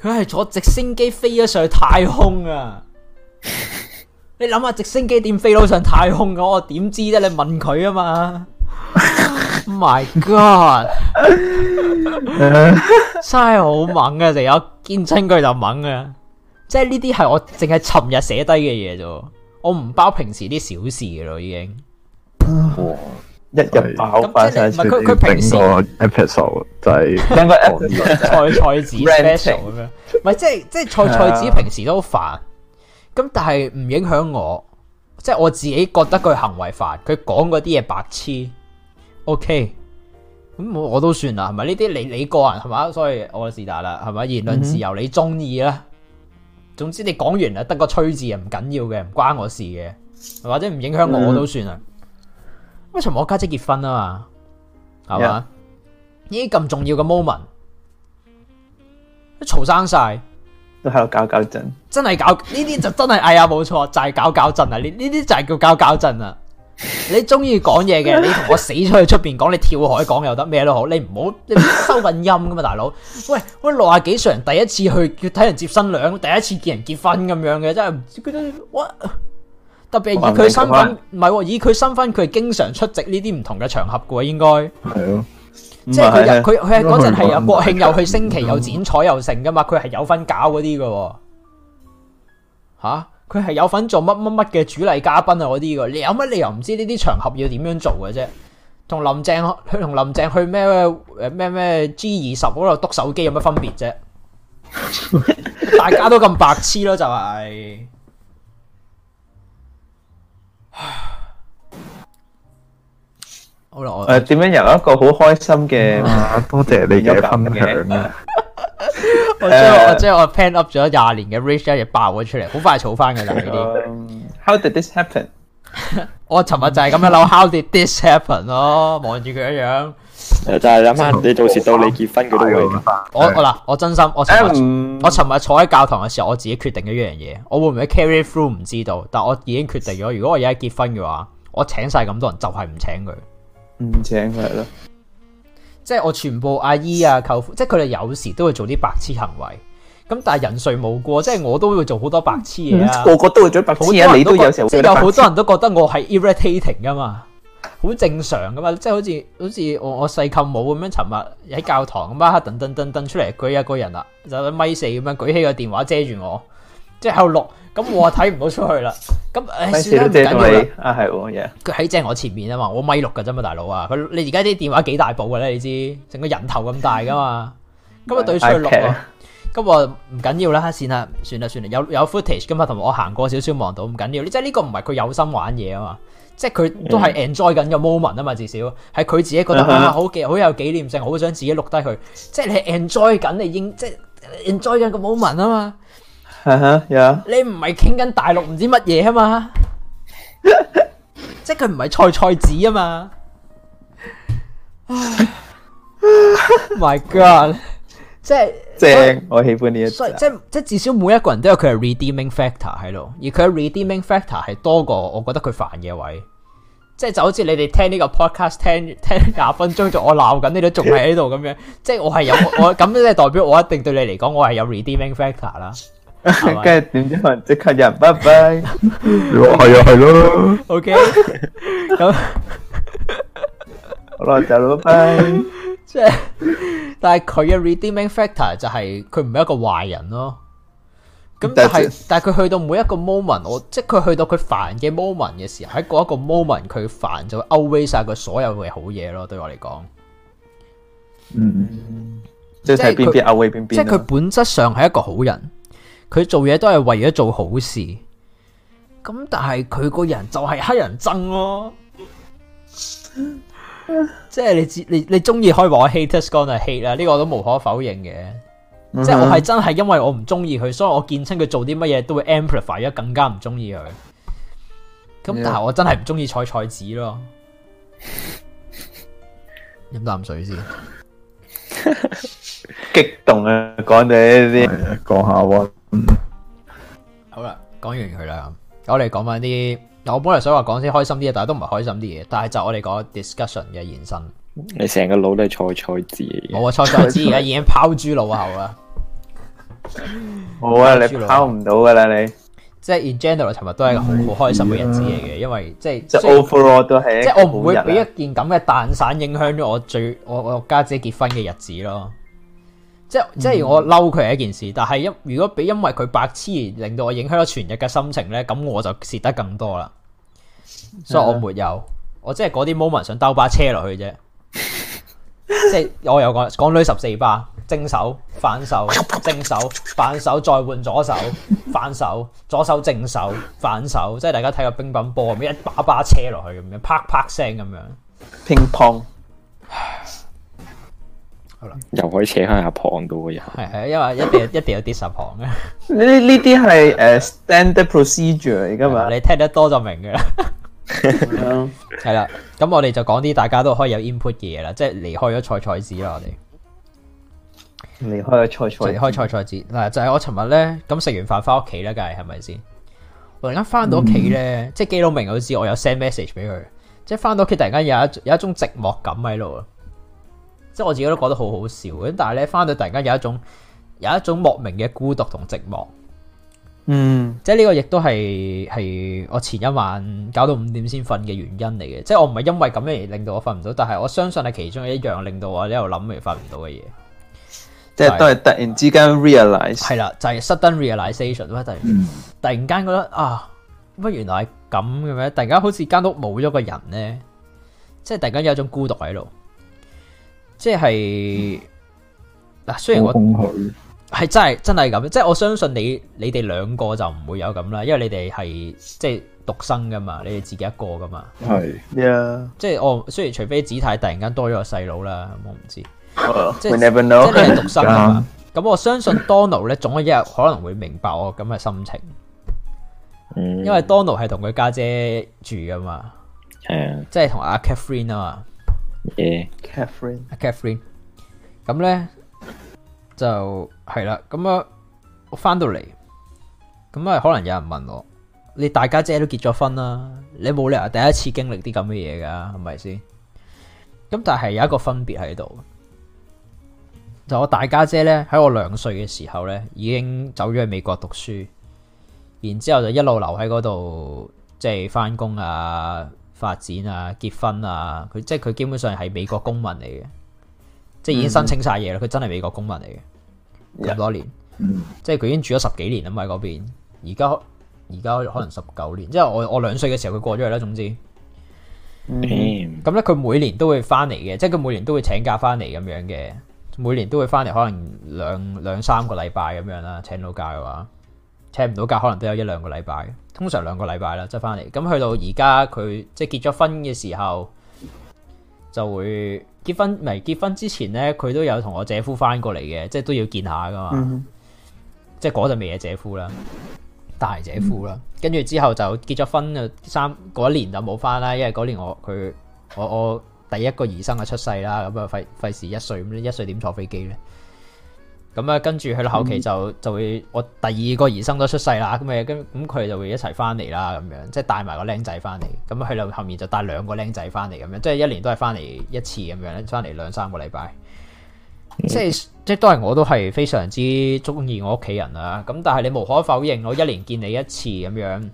佢係 坐直升機飛咗上去太空啊！ 你諗下直升機點飛到上太空嘅？我點知啫？你問佢啊嘛 ，oh！My God， 真係好猛啊！成日見親佢就猛啊！即係呢啲係我淨係尋日寫低嘅嘢啫，我唔包平時啲小事咯，已經。 一日搞翻佢佢平個 episode 就係應該蔡蔡子 special 咁樣，唔係即係即係蔡蔡子平時都煩，咁但係唔影響我，即係我自己覺得佢行為煩，佢講嗰啲嘢白痴，OK，咁我我都算啦，係咪呢啲你你個人係咪，所以我是但啦，係咪言論自由，你中意啦，總之你講完啦，得個吹字啊唔緊要嘅，唔關我事嘅，或者唔影響我，我都算啦。嗯阿陳我家姐，姐結婚啊嘛，係嘛？呢啲咁重要嘅 moment 都嘈生晒，都喺度搞搞震。真係搞呢啲就真係，哎呀冇錯，就係、是、搞搞震啊！呢呢啲就係叫搞搞震啊！ 你中意講嘢嘅，你同我死出去出邊講，你跳海講又得咩都好，你唔好你收份音噶嘛，大佬。喂，我六廿幾歲人第一次去，要睇人接新娘，第一次見人結婚咁樣嘅，真係唔知佢都我。特別以佢身份，唔係喎，以佢身份，佢係經常出席呢啲唔同嘅場合嘅喎，應該係咯，是的即係佢佢佢嗰陣係有國慶的又去升旗，的又剪彩又的，又成噶嘛，佢係有份搞嗰啲嘅，吓、啊，佢係有份做乜乜乜嘅主禮嘉賓啊，嗰啲嘅，你有乜理由唔知呢啲場合要點樣做嘅啫？同林鄭去同林鄭去咩咩咩咩 G 二十嗰度篤手機有乜分別啫？ 大家都咁白痴咯，就係、是。好啦，誒，點樣有一個好開心嘅？啊，多謝你嘅分享啊！我即係我即係我 pent up 咗廿年嘅 rage 一嘢爆咗出嚟，好快儲翻嘅啦！呢啲 How did this happen？我尋日就係咁樣諗，How did this happen？咯，望住佢嘅樣。就係諗下，你到時到你結婚嘅都會。我嗱，我真心我、嗯、我尋日坐喺教堂嘅時候，我自己決定咗一樣嘢，我會唔會 carry through 唔知道，但我已經決定咗，如果我而家結婚嘅話，我請晒咁多人就係、是、唔請佢，唔請佢咯。即係我全部阿姨啊舅父，即係佢哋有時都會做啲白痴行為，咁但係人誰無過，即係我都會做好多白痴嘢啊、嗯，個個都會做白痴嘢、啊。都你都有時候有好多人都覺得我係 irritating 噶嘛。好正常噶嘛，即係好似好似我我細舅母咁樣尋日喺教堂咁，嘩噔噔噔噔出嚟，佢一個人啦，就是、米四咁樣舉起個電話遮住我，即係後六，咁我睇唔到出去到啦，咁誒算啦唔緊要，啊係佢喺正我前面啊嘛，我米六噶啫嘛，大佬啊，佢你而家啲電話幾大部咧，你知道，成個人頭咁大噶嘛，咁啊、 嗯、對出去六、啊，咁我唔緊要啦，算啦算啦算啦，有有 footage 噶嘛，同埋我行過少少望到，唔緊要，你即係呢個唔係佢有心玩嘢啊嘛。即係佢都係 enjoy 緊個 moment 啊嘛，至少係佢自己覺得好、uh huh. 啊、好有紀念性，好想自己錄低佢。即係你 enjoy 緊，你應即係 enjoy 緊個 moment 啊嘛。嚇呀、uh！Huh. Yeah. 你唔係傾緊大陸唔知乜嘢啊嘛。 即係佢唔係菜菜子啊嘛。 My God！即係正，棒以我喜歡呢一集。即係即係，至少每一個人都有佢係 redeeming factor 喺度，而佢嘅 redeeming factor 係多過我覺得佢煩嘅位。即係就好似你哋聽呢個 podcast，聽聽廿分鐘，仲我鬧緊，你都仲係喺度咁樣。 即係我係有我咁咧，即代表我一定對你嚟講，我係有 redeeming factor 啦。跟住點知，即刻有人？拜拜。如果係又係咯。OK。咁好啦，就拜拜。即係， 但係佢嘅 redeeming factor 就係佢唔係一個壞人咯。咁、就是、但係，但係佢去到每一個 moment，我即係佢去到佢煩嘅 moment 嘅時候，喺嗰一個 moment 佢煩就會 outweigh 晒佢所有嘅好嘢咯。對我嚟講，嗯、mm，hmm. 即係邊邊即係佢本質上係一個好人，佢做嘢都係為咗做好事。咁但係佢個人就係黑人憎咯。 即係你自你你中意可以話我 hate his gun 係 hate 啦，呢個我都無可否認嘅。即係我係真係因為我唔中意佢，所以我見親佢做啲乜嘢都會 amplify 啊，更加唔中意佢。咁但係我真係唔中意采菜籽咯。飲啖水先，激動啊！講你呢啲，講下喎。好啦，講完佢啦，咁我哋講翻啲。我本嚟想話講啲開心啲嘅，但係都唔係開心啲嘢。但係就我哋講 discussion 嘅延伸，你成個腦都係菜菜子。我菜菜子而家已經拋豬腦後啦。好啊，你拋唔到噶啦你。即係 in general，尋日都係一個好好開心嘅日子嚟嘅，因為即係 overall 都係即係我唔會俾一件咁嘅蛋散影響咗我最我我家姐結婚嘅日子咯。即係我嬲佢係一件事，但係因如果俾因為佢白痴而令到我影響咗全日嘅心情咧，咁我就蝕得更多啦。所以我沒有，我即係嗰啲 moment 想兜巴車落去啫。 即係我有講講女十四把正手反手正手反手再換左手反手左手正手反手，即係大家睇個乒乓波咁樣一把把車落去咁樣啪啪聲咁樣乒乓。好又可以扯向阿旁度嘅人，係係，因為一定一定有啲實行。嘅。 呢呢啲係誒 standard procedure 噶嘛， 你聽得多就明嘅啦。係 啦， 咁我哋就講啲大家都可以有 input 嘅嘢啦，即係離開咗菜菜子啦，我哋離開咗菜菜離開菜菜子嗱， 就係我尋日咧，咁食完飯翻屋企咧，梗係係咪先？我突然間翻到屋企咧，即係基佬明我知，我有 send message 俾佢，即係翻到屋企突然間有一有一種寂寞感喺度啊。即係我自己都覺得好好笑，咁但係咧翻到突然間有一種有一種莫名嘅孤獨同寂寞。嗯，即係呢個亦都係係我前一晚搞到五點先瞓嘅原因嚟嘅。即係我唔係因為咁樣而令到我瞓唔到，但係我相信係其中一樣令到我喺度諗而瞓唔到嘅嘢。即係都係突然之間 realize 係啦，就係、是、sudden realization 啦，突然間覺得啊，乜原來係咁嘅咩？突然間好似間屋冇咗個人咧，即係突然間有一種孤獨喺度。即係嗱，雖然我係真係真係咁，即係我相信你你哋兩個就唔會有咁啦，因為你哋係即係獨生噶嘛，你哋自己一個噶嘛。係，yeah. 即係我雖然除非子太突然間多咗個細佬啦，我唔知。Oh, 即係 never 你係獨生噶嘛？咁 我相信 Donald 咧，總有一日可能會明白我咁嘅心情。Mm. 因為 Donald 係同佢家姐住噶嘛，係啊，即係同阿 Catherine 啊嘛。誒，Catherine，阿 Catherine，咁咧，就係啦，咁啊，我翻到嚟，咁啊，可能有人問我，你大家姐都結咗婚啦，你冇理由第一次經歷啲咁嘅嘢噶，係咪先？咁但係有一個分別喺度，就我大家姐咧，喺我兩歲嘅時候咧已經走咗去美國讀書，然之後就一路留喺嗰度，即係翻工啊。發展啊，結婚啊，佢即係佢基本上係美國公民嚟嘅，即係已經申請晒嘢啦。佢、嗯、真係美國公民嚟嘅，咁多年，嗯、即係佢已經住咗十幾年啊嘛喺嗰邊，而家而家可能十九年，即係我我兩歲嘅時候佢過咗去啦。總之，咁咧佢每年都會翻嚟嘅，即係佢每年都會請假翻嚟咁樣嘅，每年都會翻嚟，可能兩兩三個禮拜咁樣啦。請到假嘅話，請唔到假可能都有一兩個禮拜。通常兩個禮拜啦，即係翻嚟。咁去到而家佢即係結咗婚嘅時候，就會結婚，唔係結婚之前咧，佢都有同我姐夫翻過嚟嘅，即係都要見一下噶嘛。嗯、哼即係嗰陣未有姐夫啦，大姐夫啦。跟住、嗯、之後就結咗婚啊，三一年就冇翻啦，因為嗰年我佢我我第一個兒生啊出世啦，咁啊費費事一歲，咁一歲點坐飛機咧？咁啊，嗯、跟住去到後期就就會，我第二個兒生都出世啦，咁啊，跟咁佢就會一齊翻嚟啦，咁樣，即係帶埋個僆仔翻嚟。咁佢就後面就帶兩個僆仔翻嚟，咁樣，即係一年都係翻嚟一次咁樣，翻嚟兩三個禮拜。嗯、即係即係，都係我都係非常之中意我屋企人啊。咁但係你無可否認，我一年見你一次咁樣，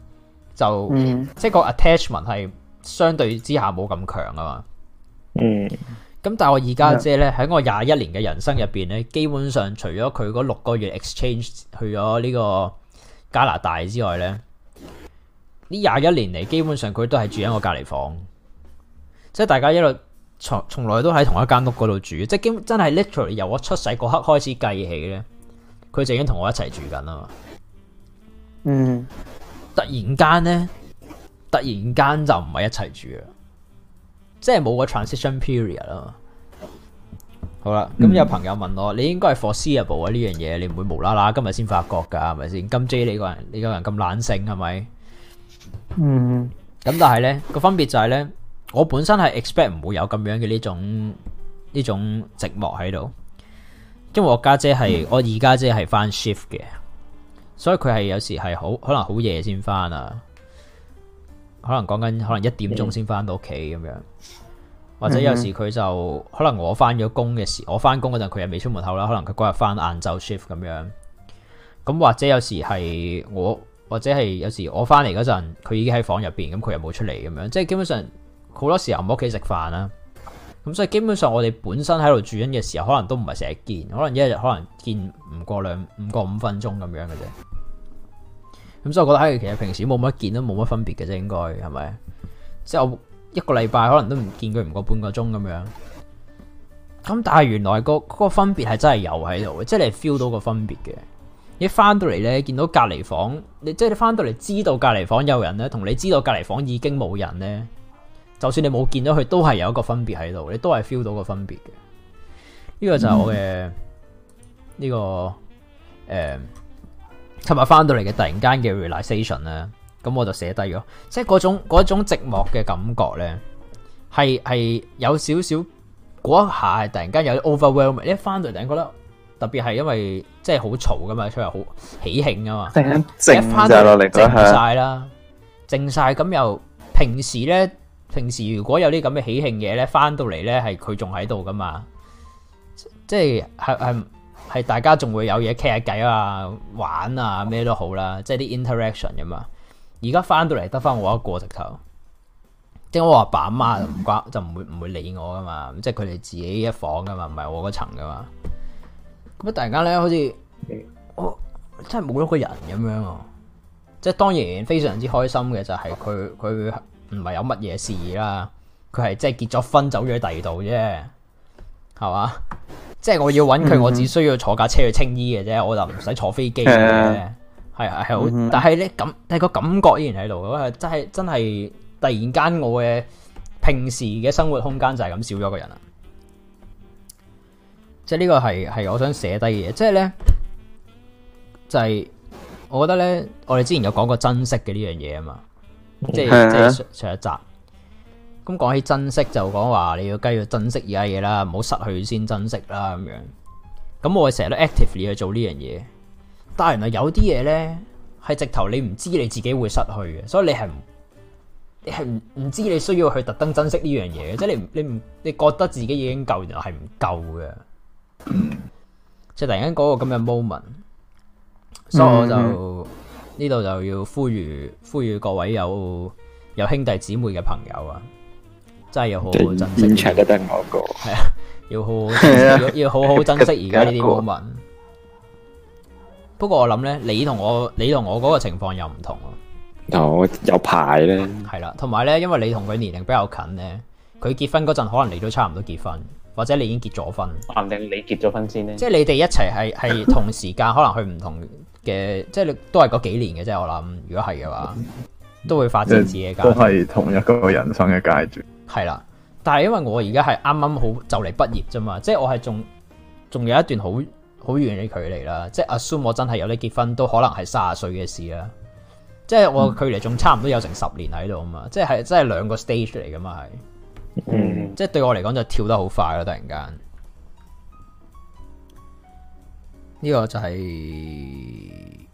就、嗯、即係個 attachment 係相對之下冇咁強啊嘛。嗯。咁但係我二家姐咧喺我廿一年嘅人生入邊咧，基本上除咗佢嗰六個月 exchange 去咗呢個加拿大之外咧，呢廿一年嚟基本上佢都係住喺我隔籬房，即係大家一路從從來都喺同一間屋嗰度住，即係真係 literally 由我出世嗰刻開始計起咧，佢就已經同我一齊住緊啦嘛。嗯，突然間咧，突然間就唔係一齊住啦。即係冇個 transition period 啦。好啦，咁有朋友問我，你應該係 foreseeable 啊呢樣嘢，你唔會無啦啦今日先發覺噶，係咪先？金 J 呢個人你、呢個人咁懶性係咪？是是嗯呢。咁但係咧個分別就係、是、咧，我本身係 expect 唔會有咁樣嘅呢種呢種寂寞喺度，因為我家姐係我二家姐係翻 shift 嘅，所以佢係有時係好可能好夜先翻啊。可能講緊可能一點鐘先翻到屋企咁樣，或者有時佢就可能我翻咗工嘅時，我翻工嗰陣佢又未出門口啦，可能佢嗰日翻晏晝 shift 咁樣，咁或者有時係我或者係有時我翻嚟嗰陣，佢已經喺房入邊，咁佢又冇出嚟咁樣，即係基本上好多時候唔喺屋企食飯啦，咁所以基本上我哋本身喺度住緊嘅時候，可能都唔係成日見，可能一日可能見唔過兩唔過五分鐘咁樣嘅啫。咁、嗯、所以我覺得，嘿，其實平時冇乜見都冇乜分別嘅啫，應該係咪？即係我一個禮拜可能都唔見佢唔過半個鐘咁樣。咁但係原來、嗰個、嗰個分別係真係有喺度，嘅，即係你 feel 到個分別嘅。你翻到嚟咧，見到隔籬房，你即係、即係、你翻到嚟知道隔籬房有人咧，同你知道隔籬房已經冇人咧，就算你冇見到佢，都係有一個分別喺度，你都係 feel 到個分別嘅。呢、呢個就係我嘅呢、嗯呢個誒。呃尋日翻到嚟嘅突然間嘅 realization 咧，咁我就寫低咗，即係嗰種嗰種寂寞嘅感覺咧，係係有少少嗰一下係突然間有 overwhelm，一翻到嚟突然覺得特別係因為即係好嘈噶嘛，出嚟好喜慶噶嘛，靜翻就靜晒啦，靜晒咁又平時咧，平時如果有啲咁嘅喜慶嘢咧，翻到嚟咧係佢仲喺度噶嘛，即係係係。係大家仲會有嘢傾下偈啊、玩啊、咩都好啦，即係啲 interaction 噶嘛。而家翻到嚟得翻我一個直頭，即係我阿爸阿媽就唔關，就唔會唔會理我噶嘛。即係佢哋自己一房噶嘛，唔係我嗰層噶嘛。咁啊，突然間咧，好似我真係冇咗個人咁樣。即係當然非常之開心嘅就係佢佢唔係有乜嘢事啦，佢係即係結咗婚走咗第二度啫，係嘛？即係我要揾佢，我只需要坐架車去青衣嘅啫，我就唔使坐飛機嘅。係啊，係好，但係咧感，但係個感覺依然喺度。真係真係突然間，我嘅平時嘅生活空間就係咁少咗個人啦。即係呢個係係我想寫低嘅嘢，即係咧就係、是、我覺得咧，我哋之前有講過珍惜嘅呢樣嘢啊嘛，是的即係即係上一集。咁講起珍惜，就講話你要繼續珍惜而家嘢啦，唔好失去先珍惜啦，咁樣。咁我成日都 actively 去做呢樣嘢，但係原來有啲嘢咧係直頭你唔知你自己會失去嘅，所以你係你係唔唔知你需要去特登珍惜呢樣嘢嘅，即係你你唔你覺得自己已經夠，原來係唔夠嘅，即係 突然間嗰個咁嘅 moment，所以我就呢度、mm hmm。就要呼籲呼籲各位有有兄弟姊妹嘅朋友啊。真係要好好珍惜。全都都得我講過，係啊，要好要要好好珍惜而家呢啲 moment< 的>。的不過我諗咧，你同我你同我嗰個情況又唔同咯。我有排咧，係啦，同埋咧，因為你同佢年齡比較近咧，佢結婚嗰陣，可能你都差唔多結婚，或者你已經結咗婚，唔定你結咗婚先咧。即係你哋一齊係係同時間，可能去唔同嘅， 即係都係嗰幾年嘅，啫。我諗，如果係嘅話，都會發展至嘅都係同一個人生嘅階段。係啦，但係因為我現在剛剛畢業而家係啱啱好就嚟畢業啫嘛，即係我係仲仲有一段好好遠嘅距離啦。即係 assume 我真係有啲結婚都可能係卅歲嘅事啦，即係我距離仲差唔多有成十年喺度啊嘛，即係真係兩個 stage 嚟噶嘛係，即係對我嚟講就跳得好快啦，突然間呢個就係、是、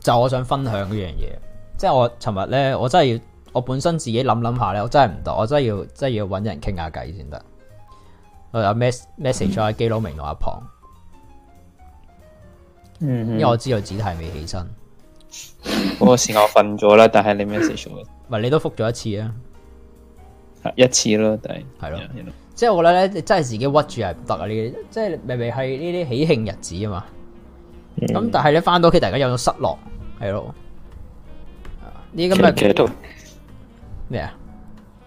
就我想分享嗰樣嘢，即係我尋日咧我真係要。我本身自己諗諗下咧，我真係唔得，我真係要真係要揾人傾下偈先得。我有 message 喺基佬明同阿龐，嗯，嗯嗯因為我知道只係未起身。嗰個時我瞓咗啦， 但係你 message 咗，唔係你都覆咗一次啊，一次咯，但係係咯，即係了、嗯、我覺得咧，你真係自己屈住係唔得啊！呢啲，即係明明係呢啲喜慶日子啊嘛？咁、嗯、但係你翻到屋企，突然間有種失落，係咯，呢啲咁嘅。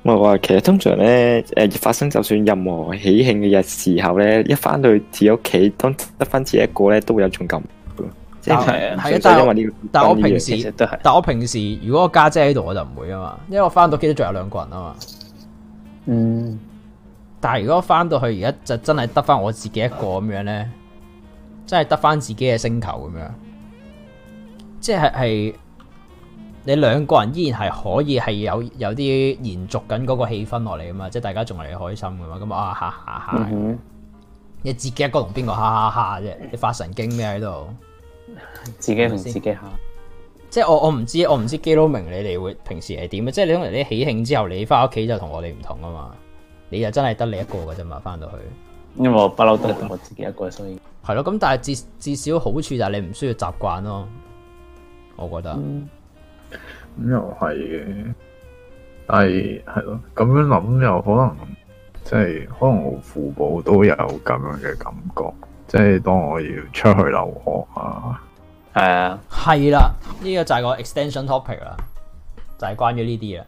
我話其實通常咧，誒發生就算任何喜慶嘅日時候咧，一翻到自己屋企，當得翻自己一個咧，都會有重感種感。即係係，但係我平時，但我平時如果我家姐喺度，我就唔會啊嘛，因為我翻到屋企都仲有兩個人啊嘛。嗯。但係如果翻到去而家就真係得翻我自己一個咁樣咧，真係得翻自己嘅星球咁樣，即係係。你兩個人依然係可以係有有啲延續緊嗰個氣氛落嚟噶嘛，即係大家仲係開心噶嘛。咁啊哈哈哈！你自己一個同邊個哈哈哈啫？你發神經咩喺度？自己同自己嚇。即係我我唔知我唔知基佬明你哋會平時係點啊？即係你因為你喜慶之後，你翻屋企就同我哋唔同啊嘛。你就真係得你一個噶啫嘛，翻到去。因為我不嬲都係同我自己一個，所以係咯。咁但係至至少好處就係你唔需要習慣咯，我覺得。Mm hmm. 咁又係嘅，但係係咯，咁樣諗又可能即係可能我父母都有咁樣嘅感覺，即係當我要出去留學啊，係啊，係啦，呢個就係個 extension topic 啦，就係關於呢啲啊，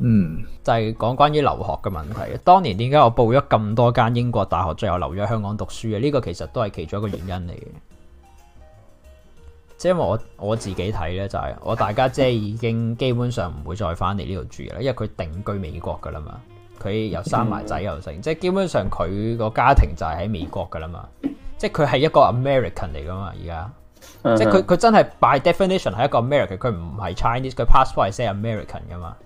嗯，就係講關於留學嘅問題。當年點解我報咗咁多間英國大學，最後留咗香港讀書啊？呢個其實都係其中一個原因嚟嘅。即係因為我我自己睇咧，就係、是、我大家姐已經基本上唔會再翻嚟呢度住啦，因為佢定居美國噶啦嘛。佢又生埋仔又成，即係基本上佢個家庭就係喺美國噶啦嘛。即係佢係一個 American 嚟噶嘛，而家即係佢佢真係 by definition 係一個 American，佢唔係 Chinese，佢 passport 係 American 噶嘛，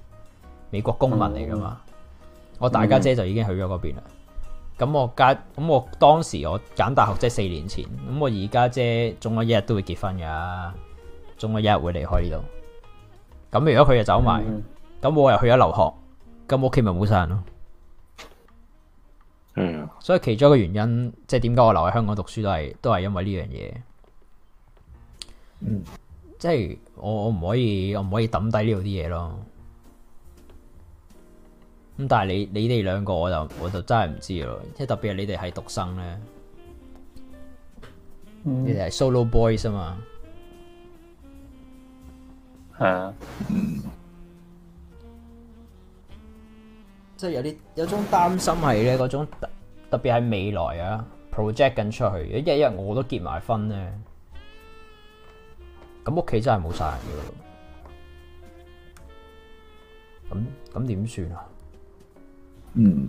美國公民嚟噶嘛。我大家姐就已經去咗嗰邊啦。咁我家咁我當時我揀大學即係、就是、四年前，咁我而家總有一日都會結婚噶，總有一日會離開呢度。咁如果佢又走埋，咁我又去咗留學，咁屋企咪冇曬人咯。嗯，所以其中一個原因，即係點解我留喺香港讀書都係都係因為呢樣嘢。嗯，即係我我唔可以我唔可以抌低呢度啲嘢咯。咁但係你你哋兩個我，我就我就真係唔知咯。即係特別係你哋係獨生咧，嗯、你哋係 solo boys 啊嘛。係啊，即係有啲有種擔心係咧，嗰種特特別係未來啊 project 緊出去。一一日我都結埋婚咧，咁屋企真係冇晒人嘅咯。咁咁點算啊？嗯，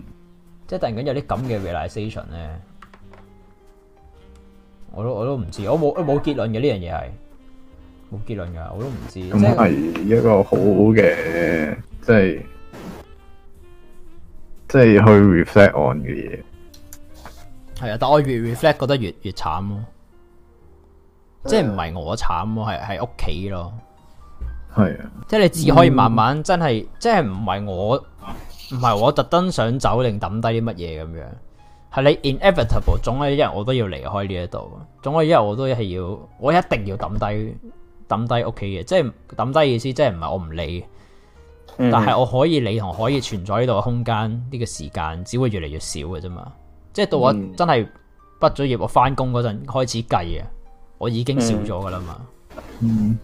即係突然間有啲咁嘅 realization 咧，我都我都唔知，我冇我冇結論嘅。呢樣嘢係冇結論噶，我都唔知。咁係一個好嘅，即係即係去 reflect on 嘅嘢。係啊，但係我越 reflect 覺得越越慘咯，即係唔係我慘咯，係喺屋企咯，係啊，即係你只可以慢慢真係，即係唔係我。唔係我特登想走，定抌低啲乜嘢咁樣？係你 inevitable，總有一日我都要離開呢一度，總有一日我都係要，我一定要抌低抌低屋企嘅。即係抌低意思，即係唔係我唔理，但係我可以理同可以存在呢度嘅空間。呢個時間只會越嚟越少嘅啫嘛。即係到我真係畢咗業，我翻工嗰陣開始計啊，我已經少咗噶啦嘛。嗯，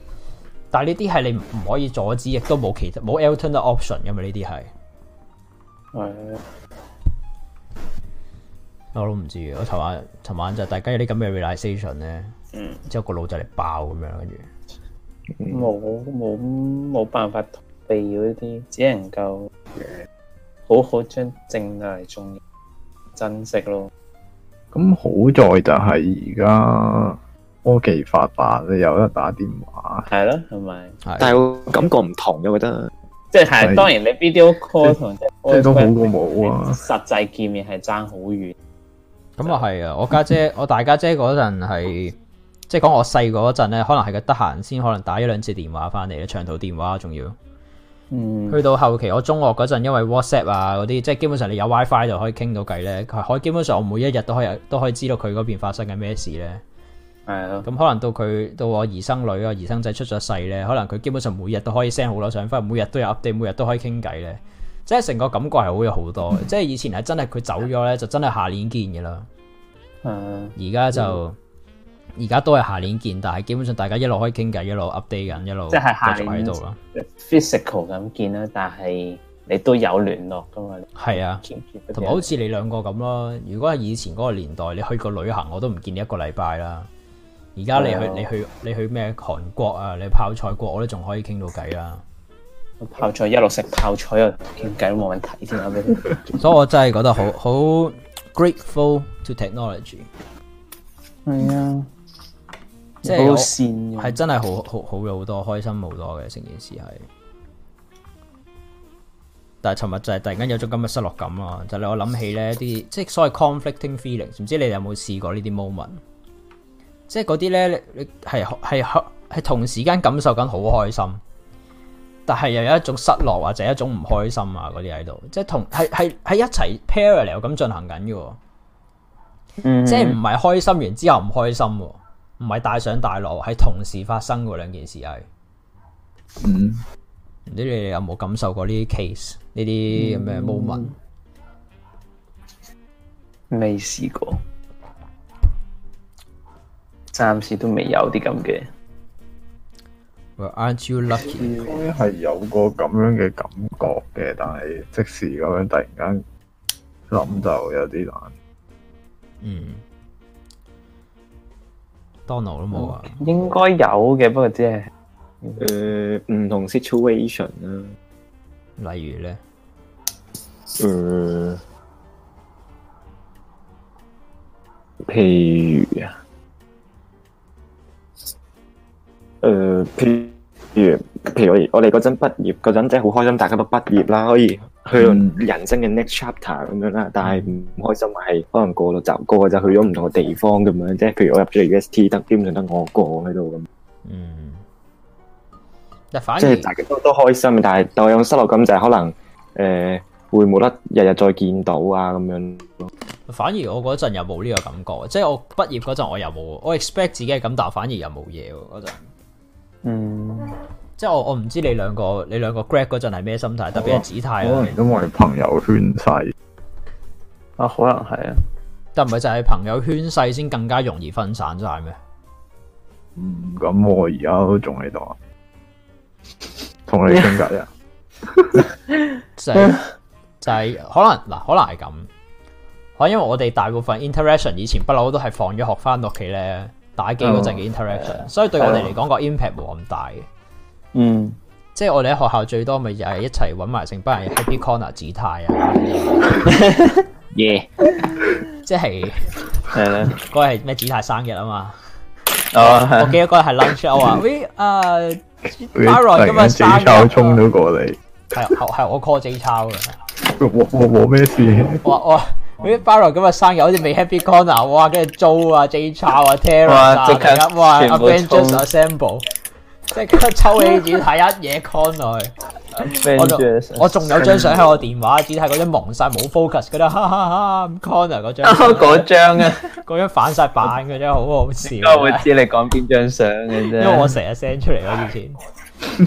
但係呢啲係你唔可以阻止，亦都冇其他冇 alternate option 噶嘛。呢啲係。係， 我都唔知嘅。我尋晚尋晚就大家有啲咁嘅 realization 咧，嗯，之後個腦就嚟爆咁樣，跟住，冇冇冇辦法逃避呢啲，只能夠好好將正能量中珍惜咯。咁好在就係而家科技發達，你有得打電話，係咯，係咪？係，但係感覺唔同，我覺得。即係當然，你 video call 同即係都好過冇啊。實際見面係爭好遠，咁啊係啊。我家姐，姐，我大家姐嗰陣係即係講我細個嗰陣咧，可能係佢得閒先，可能打一兩次電話翻嚟咧，長途電話仲要。嗯。去到後期，我中學嗰陣，因為 WhatsApp 啊嗰啲，即係基本上你有 WiFi 就可以傾到偈咧。佢可基本上我每一日都可以都可以知道佢嗰邊發生緊咩事咧。係咁、嗯、可能到佢到我姨甥女啊，姨甥仔出咗世咧，可能佢基本上每日都可以 send 好多相翻，每日都有 update，每日都可以傾偈咧，即係成個感覺係好咗好多。 即係以前係真係佢走咗咧，就真係下年見嘅啦。而家、啊、就而家、嗯、都係下年見，但係基本上大家一路可以傾偈，一路 update 緊，一路即係下年仲喺度咯。Physical 咁見啦，但係你都有聯絡噶嘛？係啊，同埋好似你兩個咁咯。如果係以前嗰個年代，你去過旅行我都唔見你一個禮拜啦。而家你去、oh. 你去你去咩韓國啊？你去泡菜國，我都仲可以傾到偈啊。泡菜一路食泡菜啊，傾偈都冇問題添啊！我 所以，我真係覺得好好 grateful to technology。係啊，即係係真係好好好咗好多，開心好多嘅成件事係。但係尋日就係突然間有咗咁嘅失落感啊。就令、是、我諗起呢一啲即係所謂 conflicting feelings。唔知你哋有冇試過呢啲 moment？即係嗰啲咧，你你係係係同時間感受緊好開心，但係又有一種失落或者一種唔開心啊嗰啲喺度，即係同係係係一齊 parallel 咁進行緊嘅。嗯，即係唔係開心完之後唔開心，唔係大上大落，係同時發生嗰兩件事係，嗯，唔知你哋有冇感受過呢啲 case 呢啲咁嘅 moment？嗯、未試過。暫時都未有啲咁嘅。l、Well, aren't you lucky？應該係有個咁樣嘅感覺嘅，但係即時咁樣突然間諗就有啲難。嗯。Donald 都冇啊？應該有嘅，不過即係誒唔同 situation 啦、啊。例如咧，嗯、呃，譬如。誒、呃，譬如譬如我哋嗰陣畢業嗰陣真係好開心，大家都畢業啦，可以去人生嘅 next chapter 咁樣啦。但係唔開心係可能過到集過就去咗唔同嘅地方咁樣啫。譬如我入咗 U S T，得基本上得我個喺度咁。嗯，但反而即係大家都都開心，但係我有失落感就係可能誒、呃、會冇得日日再見到啊咁樣。反而我嗰陣又冇呢個感覺，即係我畢業嗰陣我又冇，我 expect 自己嘅感覺，但反而又冇嘢嗰陣。嗯，即係我我唔知你兩個你兩個 grab 嗰陣係咩心態，啊、特別係姿態啦、啊。可能都為朋友圈細啊，可能係啊，但唔係就係朋友圈細先更加容易分散晒咩？是嗯，咁我而家都仲喺度啊，同你傾偈啊。就就是、係可能嗱，可能係咁，可能因為我哋大部分 interaction 以前不嬲都係放咗學翻屋企咧。打機嗰陣嘅 interaction，所以對我哋嚟講個 impact 冇咁大嘅。嗯，即係我哋喺學校最多咪就係一齊揾埋成班人 happy corner 指泰啊 y 即係，係啦，嗰日係咩指泰生日啊嘛。哦，我記得嗰日係 lunch hour。喂，誒 r r y 今日生日，沖咗過嚟。係，係，係我 call J 超嘅。我我冇咩事，哇哇！佢啲巴羅今日生日好似未 happy corner 哇！跟住 Jo 啊、J Charles 啊、Tara 啊，哇！Avengers assemble，即係抽起自己睇下嘢，corner。我仲我仲有張相喺我電話，只睇嗰張忙曬冇 focus 嗰張，ocus，哈哈哈！corner 嗰張，嗰張啊，嗰張 反曬版嘅張，好，好好笑。我會知你講邊張相嘅、啊、啫，因為我成日 send 出嚟咯，以前。常常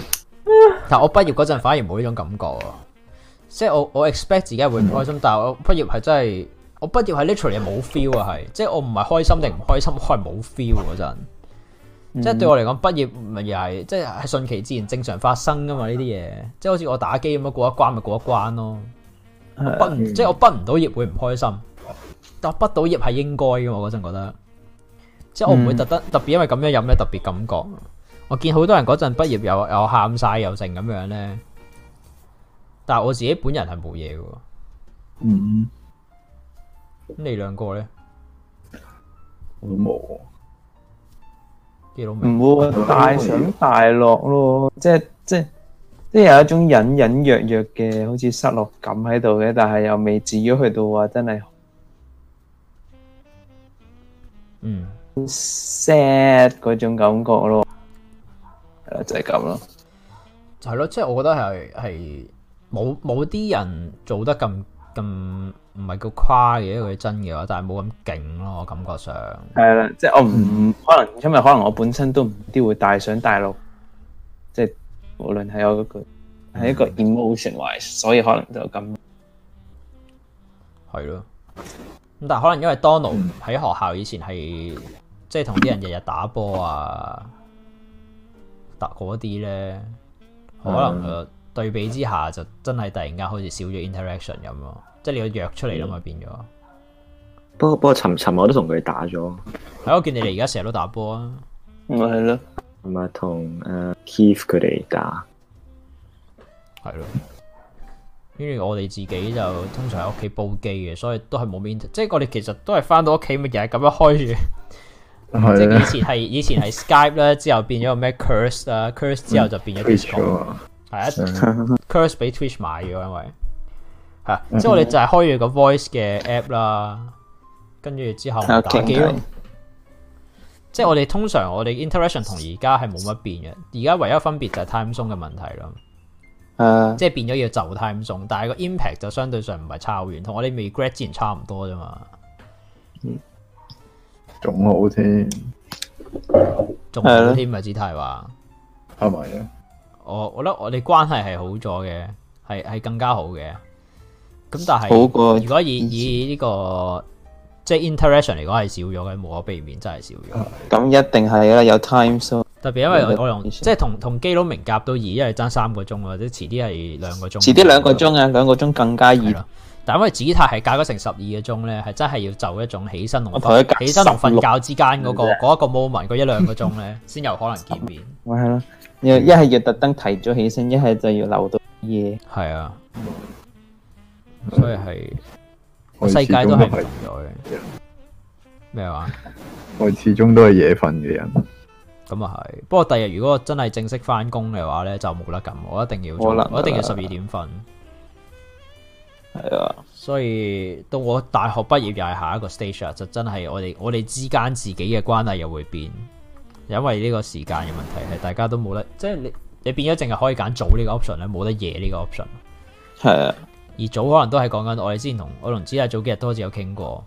但係我畢業嗰陣反而冇呢種感覺喎。即係我我 expect 自己會唔開心，但係我畢業係真係，我畢業係 literally 冇 feel 啊，係即係我唔係開心定唔開心，我係冇 feel 嗰陣。嗯、即係對我嚟講，畢業咪又係即係係順其自然、正常發生噶嘛呢啲嘢。即係好似我打機咁樣過一關咪過一關咯。畢、嗯、即係我畢唔到業會唔開心，但係畢到業係應該噶嘛。我嗰陣覺得，即係我唔會特登、嗯、特別因為咁樣有咩特別感覺。我見好多人嗰陣畢業又又喊晒又剩咁樣咧。但係我自己本人係冇嘢嘅喎。嗯，咁你兩個咧？我都冇。唔會大上大落咯，即係即係即係有一種隱隱約約嘅，好似失落感喺度嘅，但係又未至於去到話真係。嗯，sad 嗰種感覺咯，係咯，就係咁咯，就係咯。即係我覺得係係。冇冇啲人做得咁咁唔係叫誇嘅，佢真嘅話，但係冇咁勁咯，我感覺上係啦，即係我唔可能，因為可能我本身都唔啲會帶上大陸，即係無論係我一個係一個 emotion wise 所以可能就咁係咯。咁但係可能因為 Donald 喺 學校以前係即係同啲人日日打波啊，打嗰啲咧，可能佢。 對比之下就真係突然間好似少咗 interaction 咁咯，即係你個約出嚟咯，咪、嗯、變咗了。不過沉不過，尋尋我都同佢哋打咗。係、啊，我見你哋而家成日都打波啊。咪係咯。係咪同誒 Keith 佢哋打？係咯。跟住我哋自己就通常喺屋企煲機嘅，所以都係冇 inter， 即係我哋其實都係翻到屋企咪日日咁樣開住。嗯、的即係以前係以前係 Skype 啦，之後變咗個咩 Curse 啦 ，Curse 之後就變咗 Discord。係啊，Curse 俾 Twitch 買咗，因為吓， 即係我哋就係開住個 Voice 嘅 app 啦，跟住之後打機咯。天即係我哋通常我哋 interaction 同而家係冇乜變嘅，而家唯一分別就係 time zone 嘅問題咯。 即係變咗要就 time zone，但係個 impact 就相對上唔係差好遠，同我哋未 grad 之前差唔多啫嘛。仲好添，仲好添啊！志泰話，係咪啊？我我覺得我哋關係係好咗嘅，係係更加好嘅。咁但係如果以好過以呢、呢個即係 interaction 嚟講係少咗嘅，無可避免真係少咗。咁、嗯嗯嗯、一定係啦，有 times、so。特別因為我用即係同同基佬明夾都易，因為爭三個鐘或者遲啲係兩個鐘。遲啲兩個鐘啊，兩吧個鐘更加易。但係因為指塔係隔咗成十二個鐘咧，係真係要就一種起身同起身同瞓覺之間嗰、嗰個嗰、嗯、一個 moment，嗰一兩個鐘咧先有可能見面。係咯、嗯。嗯一係要，要，要特登提早起身，一係就要留到夜。係啊，所以係世界都係瞓咗嘅。咩話？我始終都係夜瞓嘅人。咁啊係，不過第日如果真係正式翻工嘅話咧，就冇得咁，我一定要做，我，我一定要十二點瞓。係啊，所以到我大學畢業又係下一個 stage，就真係我哋我哋之間自己嘅關係又會變。因為呢個時間嘅問題係大家都冇得，即係你你變咗淨係可以揀早呢個 option 咧，冇得夜呢個 option。係啊的，而早可能都係講緊我哋之前同歐龍知啊早幾日都好似有傾過，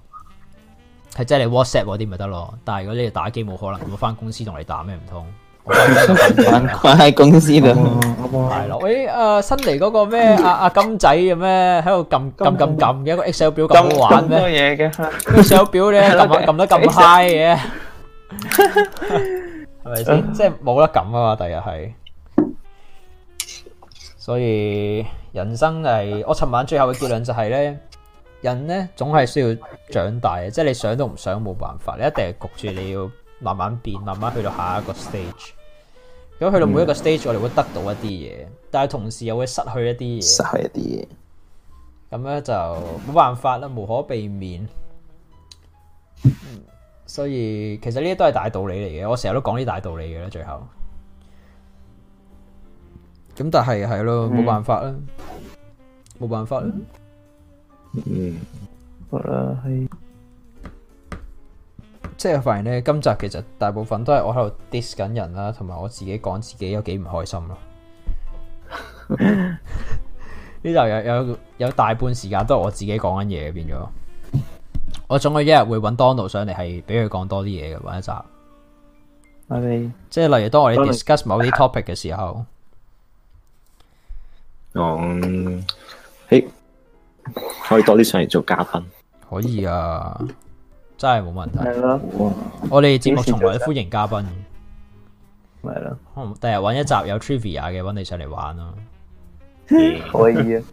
係真係 WhatsApp 嗰啲咪得咯。但係如果你哋打機冇可能，我翻公司同你打咩唔通？我喺公司度。係咯，誒，誒、欸啊，新嚟嗰個咩阿阿金仔嘅咩，喺度撳撳撳撳嘅一個 Excel 表咁好玩咩？好多嘢嘅，Excel 表我撳撳得咁 high 嘅。 係咪先？即係冇得咁啊嘛！第日係，所以人生係我尋晚最後嘅結論就係咧，人咧總係需要長大嘅，即係你想都唔想冇辦法，你一定係焗住你要慢慢變，慢慢去到下一個 stage。咁去到每一個 stage，我哋會得到一啲嘢，但係同時又會失去一啲嘢，失去一啲嘢。咁咧就冇辦法啦，無可避免。嗯所以，其實呢啲都係大道理嚟嘅。我成日都講啲大道理嘅咧。最後，咁但係係咯，冇、mm. 辦法啦，冇辦法啦。嗯，好啦，係。即係我發現咧，今集其實大部分都係我喺度 dis 緊人啦、啊，同埋我自己講自己有幾唔開心咯、啊。呢度 有有有大半時間都係我自己講緊嘢變咗。我總有一日會揾 Donald 上嚟，係畀佢講多啲嘢嘅，揾一集。我哋們即係例如當我哋 discuss 們某啲 topic 嘅時候，哦、嗯，可以多啲上嚟做嘉賓，可以啊，真係冇問題。了我哋節目從來都歡迎嘉賓。係咯了，我第日揾一集有 trivia 嘅揾你上嚟玩咯、啊。 可以。啊。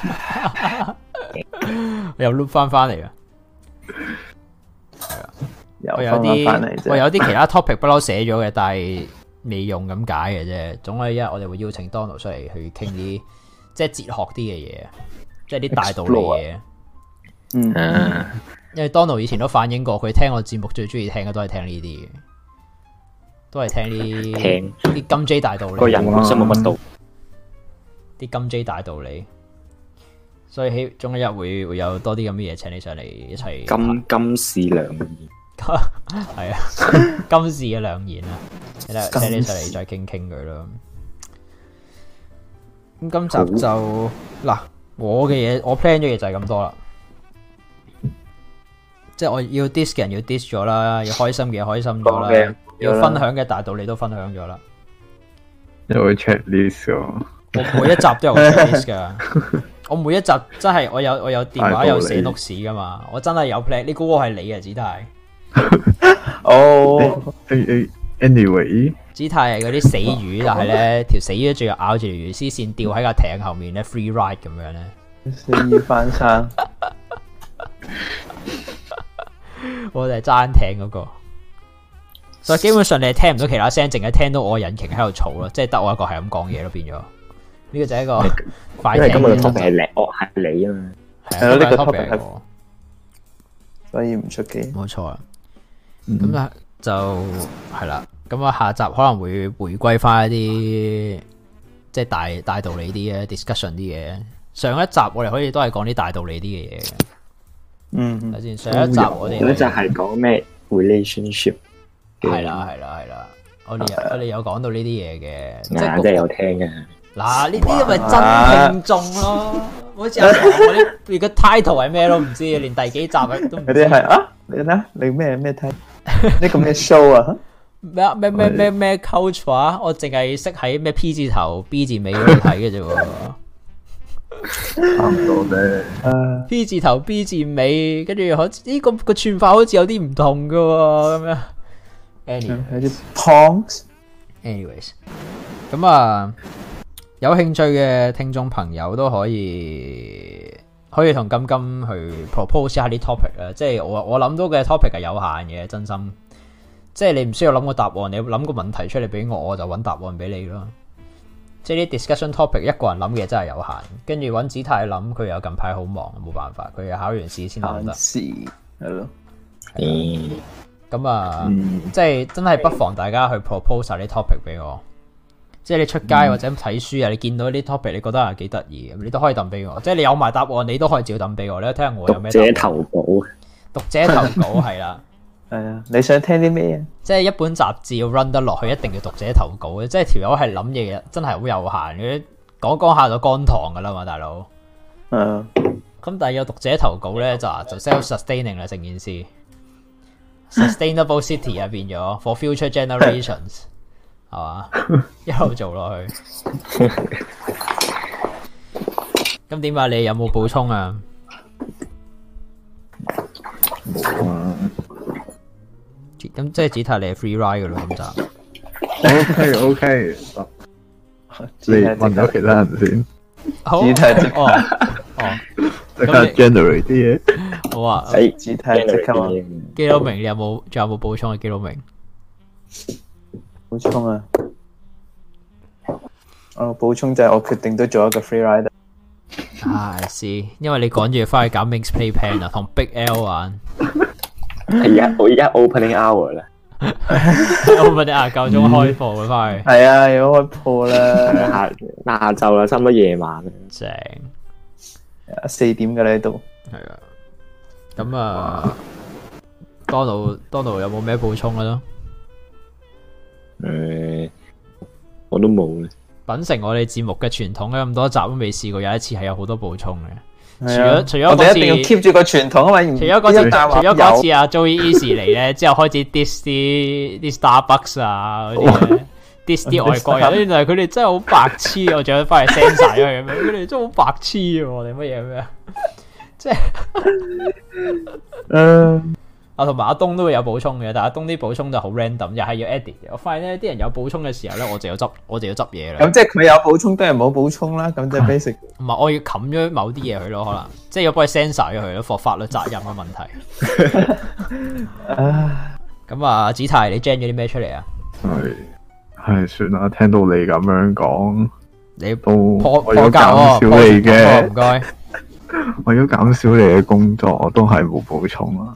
又碌 o o 翻翻嚟噶，我有啲我有啲其他 topic 不嬲寫咗嘅，但係未用咁解嘅啫。總有一日我哋會邀請 Donald 出嚟去傾啲即係哲學啲嘅嘢，即係啲大道理嘢，嗯。因為 Donald 以前都反映過，佢聽我節目最中意聽嘅都係聽呢啲，都係聽啲啲聽 金 J 大道理。個人冇乜道，啲金 J 大道理。所以喺終有一日會有多啲咁嘅嘢，請你上嚟一齊。今今時兩言，係啊時，今時嘅兩言，啊，請你上嚟再傾傾佢啦。咁今集就嗱好，我嘅嘢我 plan 咗嘢就係咁多啦。 即係我要 diss 嘅人，要 diss 咗啦，要開心嘅開心咗啦，要分享嘅大道理都分享咗啦。你會 check list 我，我每一集都有 check list 噶。 我每一集真係我有我有電話又寫 note 紙噶嘛，我真係有 plan。呢個係你啊，子泰？哦 、oh、，anyway，子泰係嗰啲死魚，但係咧條死魚仲要咬住條魚絲線， 吊喺個艇後面咧 free ride 咁樣咧，翻生， 我哋係揸艇嗰、那個，所以基本上你係聽唔到其他聲，淨係聽到我嘅引擎喺度嘈咯，即係得我一個係咁講嘢咯，變咗。呢個就係一個，因為今日嘅 topic 係你，我係你啊嘛，係咯呢個 topic，所以唔出奇。冇錯啊，咁啊就係啦，咁啊下集可能會回歸翻一啲即係大大道理啲嘅 discussion 啲嘢。上一集我哋可以都係講啲大道理啲嘅嘢。嗯，睇先。上一集我哋咧就係講咩 relationship，係啦係，啦係啦，我哋我哋有講到呢啲嘢嘅，即係真係有聽嘅。嗱，呢啲咪真聽眾咯，好似我啲而家 title 係咩都唔知，連第幾集都唔知係啊。你咧，你咩咩 title？呢個咩 show 啊？咩咩咩咩咩 coach 啊？我淨係識喺咩 P 字頭 B 字尾嗰度睇嘅啫。多，到你 P 字頭 B 字尾，跟住好似呢個個串法好似有啲唔同噶咁樣。Anyways，Pongs，Anyways，咁啊。有興趣嘅聽眾朋友都可以可以同金金去 propose 下啲 topic 啦，即係我我諗到嘅 topic 係有限嘅，真心即係你唔需要諗個答案，你諗個問題出嚟俾我，我就揾答案俾你咯。即係啲 discussion topic 一個人諗嘅真係有限，跟住揾子太諗，佢又近排好忙，冇辦法，佢又考完試先諗得。係咯 I see.，咁啊，mm. 即係真係不妨大家去 propose 下啲 topic 俾我。即係你出街或者睇書啊，嗯、你見到啲 topic 你覺得係幾得意咁，你都可以掟俾我。即係你有埋答案，你都可以照掟俾我。你睇下我有咩投稿。讀者投稿係啦，係啊 了。你想聽啲咩啊？即係一本雜誌要 run 得落去，一定要讀者投稿嘅。即係條友係諗嘢，真係好有限嘅。講講下就乾塘㗎啦嘛，大佬。咁、啊、但係有讀者投稿咧，就就 self-sustaining 啦，成 件事。Sustainable city 啊，變咗 for future generations。 係嘛，一路做落去。咁點 啊？你有冇補充啊？咁、啊、即係 Gtai 你 free ride 噶咯，咁就 OK OK。你問到其他人先。Gtai 哦哦，再睇 generate 啲嘢。好啊。係 Gtai 即刻啊！記錄 明，你有冇仲有冇補充啊？記錄明。補充啊！哦，補充就係我決定都做一個 freerider。I see，因為你趕住翻去搞 mix play pen 啊，同 Big L 玩。係啊，我而家 opening hour 啦。opening hour 夠鐘開鋪翻去。係啊，要開鋪啦。下嗱下晝啦，差唔多夜晚，正。四點嘅喺度。係啊。咁啊，Donald Donald 有冇咩補充嘅咯？誒，我都冇品成我哋節目嘅傳統，咁多集都未試過有一次係有好多補充嘅。除咗除咗我哋一定要 keep 住個傳統，因為除咗嗰一除咗嗰次啊 Joey Ease 嚟咧，之後開始 dis 啲啲 Starbucks 啊，dis 啲外國人，原來佢哋真係好白痴，我仲要翻去 send 晒因為咩？佢哋真係好白痴啊。我哋乜嘢咁樣？即係，嗯。同埋阿東都會有補充嘅，但阿東啲補充就好 random，又係要 edit。我發現呢啲人有補充嘅時候咧，我就要執，我就要執嘢啦。咁即係佢有補充都係冇補充啦。咁即係 basic。唔係， 我要冚咗某啲嘢佢咯，可能即係要幫佢 sensor 咗佢咯，防法律責任嘅問題。咁 啊，子太，你 gen 咗啲咩出嚟啊？係係、哎哎、算啦，聽到你咁樣講，你都破破格，我要減少你嘅，唔該，我要減少你嘅工作，我都係冇補充啦。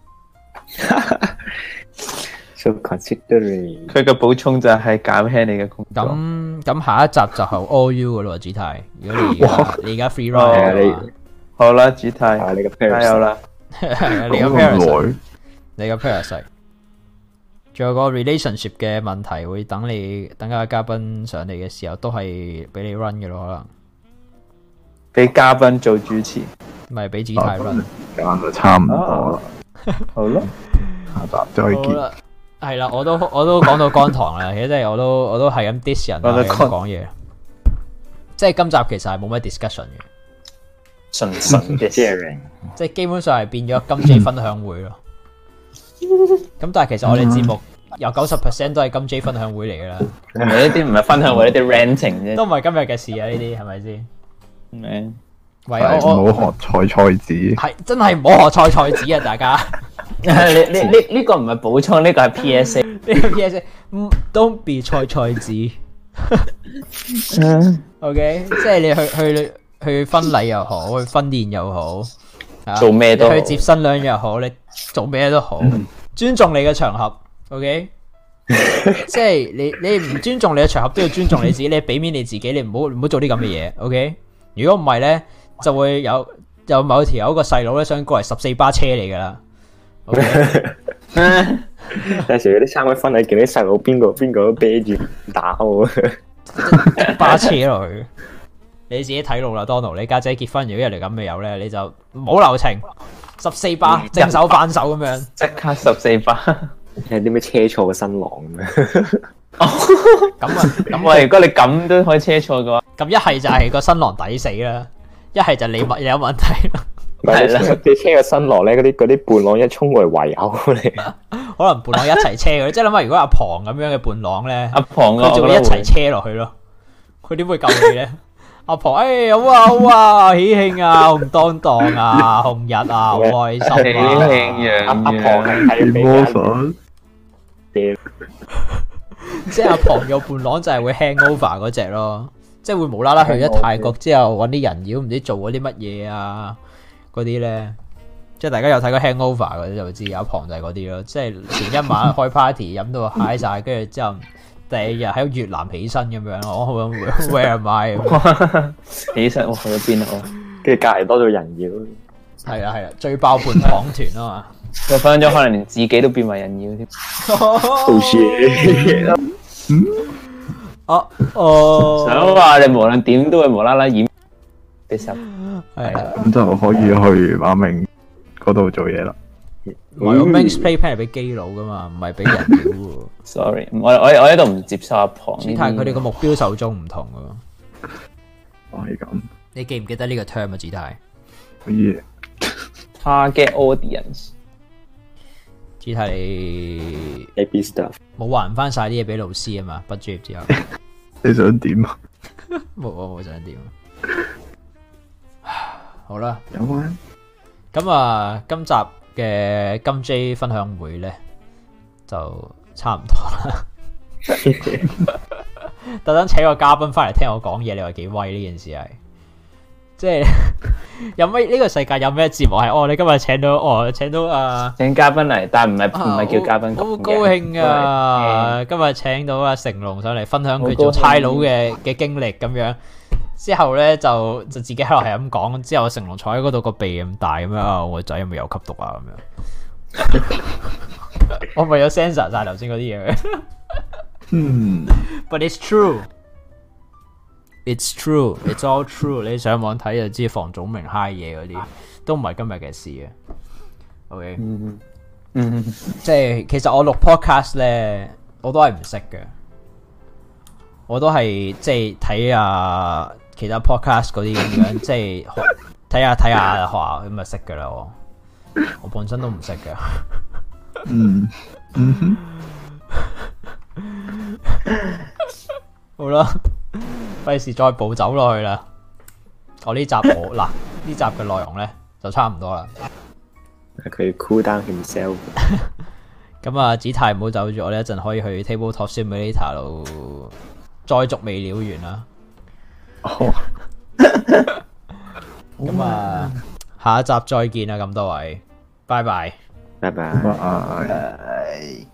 佢嘅補充就係減輕你嘅工作。咁咁、嗯嗯嗯、下一集就係 all you 嘅咯，子泰。如果你而家 哇 free run 嘅話，好啦，子泰，你個 parents 有啦， 你個 parents，你個 parents 仲有個 relationship 嘅問題，會等你等下嘉賓上嚟嘅時候，都係俾你 run 嘅咯，可能俾嘉賓做主持，唔係俾子泰 run，咁就差唔多。好啦，下集，再見。係啦，我都我都講到乾塘啦，其實真係我都我都係咁 diss 人，講嘢，即係今集其實係冇咩 discussion 嘅，純純嘅 sharing，即係基本上係變咗金 J 分享會咯。咁但係其實我哋節目有九十 percent 都係金 J 分享會嚟噶啦，係咪呢啲唔係分享會呢啲 ranting 啫？都唔係今日嘅事啊，呢啲係咪先？咩？唔好學菜菜子，係真係唔好學菜菜子啊！大家，你你呢呢個唔係補充，呢個係 P S A，呢 P S A，Don't be 菜菜子。O K，即係你去去去婚禮又好，去婚宴又好，做咩都去接新娘又好，你做咩都好，尊重你嘅場合。O K，即係你你唔尊重你嘅場合，都要尊重你自己，你俾面你自己，你唔好唔好做啲咁嘅嘢。O K，如果唔係咧。就會有有某條友個細佬咧，想過嚟十四巴車嚟噶啦。有時嗰啲參加婚禮嘅啲細佬，邊個邊個都啤住打我， 巴車落去。 你自己睇路啦 Donald 你家姐，姐結婚如果人哋咁未有咧，你就唔好留情。十四巴， 正手反手咁樣，即刻十四巴。你有啲咩車錯嘅新郎咁、 oh, 啊？咁啊？咁我如果你咁都開車錯嘅話，咁 一係就係個新郎抵死啦。一係就禮物有問題咯，係啦，啲車嘅新郎咧，嗰啲啲伴郎一衝過嚟圍毆你，可能伴郎一齊車佢，即係諗下如果阿龐咁樣嘅伴郎咧、啊，阿龐佢仲要一齊車落去咯，佢點會救你咧？阿龐，哎，好啊好啊，喜慶啊，紅當當啊，紅日啊，開心啊， 阿阿龐係 即係阿龐係睇咩即係阿龐有伴郎就係會 hang over 嗰隻咯。即係會無啦啦去咗泰國，之後揾啲人妖唔知做嗰啲乜嘢啊，嗰啲咧，即係大家有睇過 Hangover 嗰啲就知有旁仔嗰啲咯，即係前一晚開 party 飲 到嗨晒，跟住之後第二日喺越南起身咁樣，我好想問 Where am I？起身我去咗邊啊？跟住隔離多咗人妖，係啊係啊，最爆盤港團啊嘛，分分鐘可能連自己都變為人妖添。哦，想話、uh oh. 你無論點都會無啦啦演，第十係啊，咁就可以去馬明嗰度做嘢啦。馬明 play pen 係俾基佬噶嘛，唔係俾人妖。 Sorry，我我我喺度唔接受阿龐。子泰佢哋個目標受眾唔同咯。係咁 是的， 你記唔記得呢個 term 啊？子泰可以。target audience。係，冇還翻晒啲嘢俾老師啊嘛，畢業之後，你想點啊？冇啊，我想點啊？好啦，有咁啊，今集嘅金 J 分享會咧就差唔多啦。特登請個嘉賓翻嚟聽我講嘢，你話幾威呢件事係？即係有咩呢個世界有咩節目係哦？你今日請到哦，請到啊，請嘉賓嚟，但唔係唔係叫嘉賓咁樣。好高興啊！今日請到阿成龍上嚟分享佢做差佬嘅嘅經歷咁樣。之後咧就就自己喺度係咁講。之後成龍坐喺嗰度個鼻咁大咁樣啊，我個仔有冇有吸毒啊？咁樣我咪有 sensor 曬頭先嗰啲嘢。嗯，but it's true。It's true, it's all true。你上網睇就知房祖名嗨嘢嗰啲都唔係今日嘅事嘅 O K，即係其實我錄 podcast 咧，我都係唔識嘅，我都係即係睇下其他 podcast 嗰啲咁樣， 即係睇下睇下學咁咪識噶啦。我我，我本身都唔識㗎。嗯、 mm hmm. 好啦。費事再暴走落去啦！我呢集我嗱呢集嘅內容咧就差唔多啦。佢要 cool down himself。咁啊，子太唔好走住，我哋一陣可以去 Tabletop Simulator 度。再續未了完啦。好。咁啊，下一集再見啦，咁多位，拜拜，拜拜，拜拜。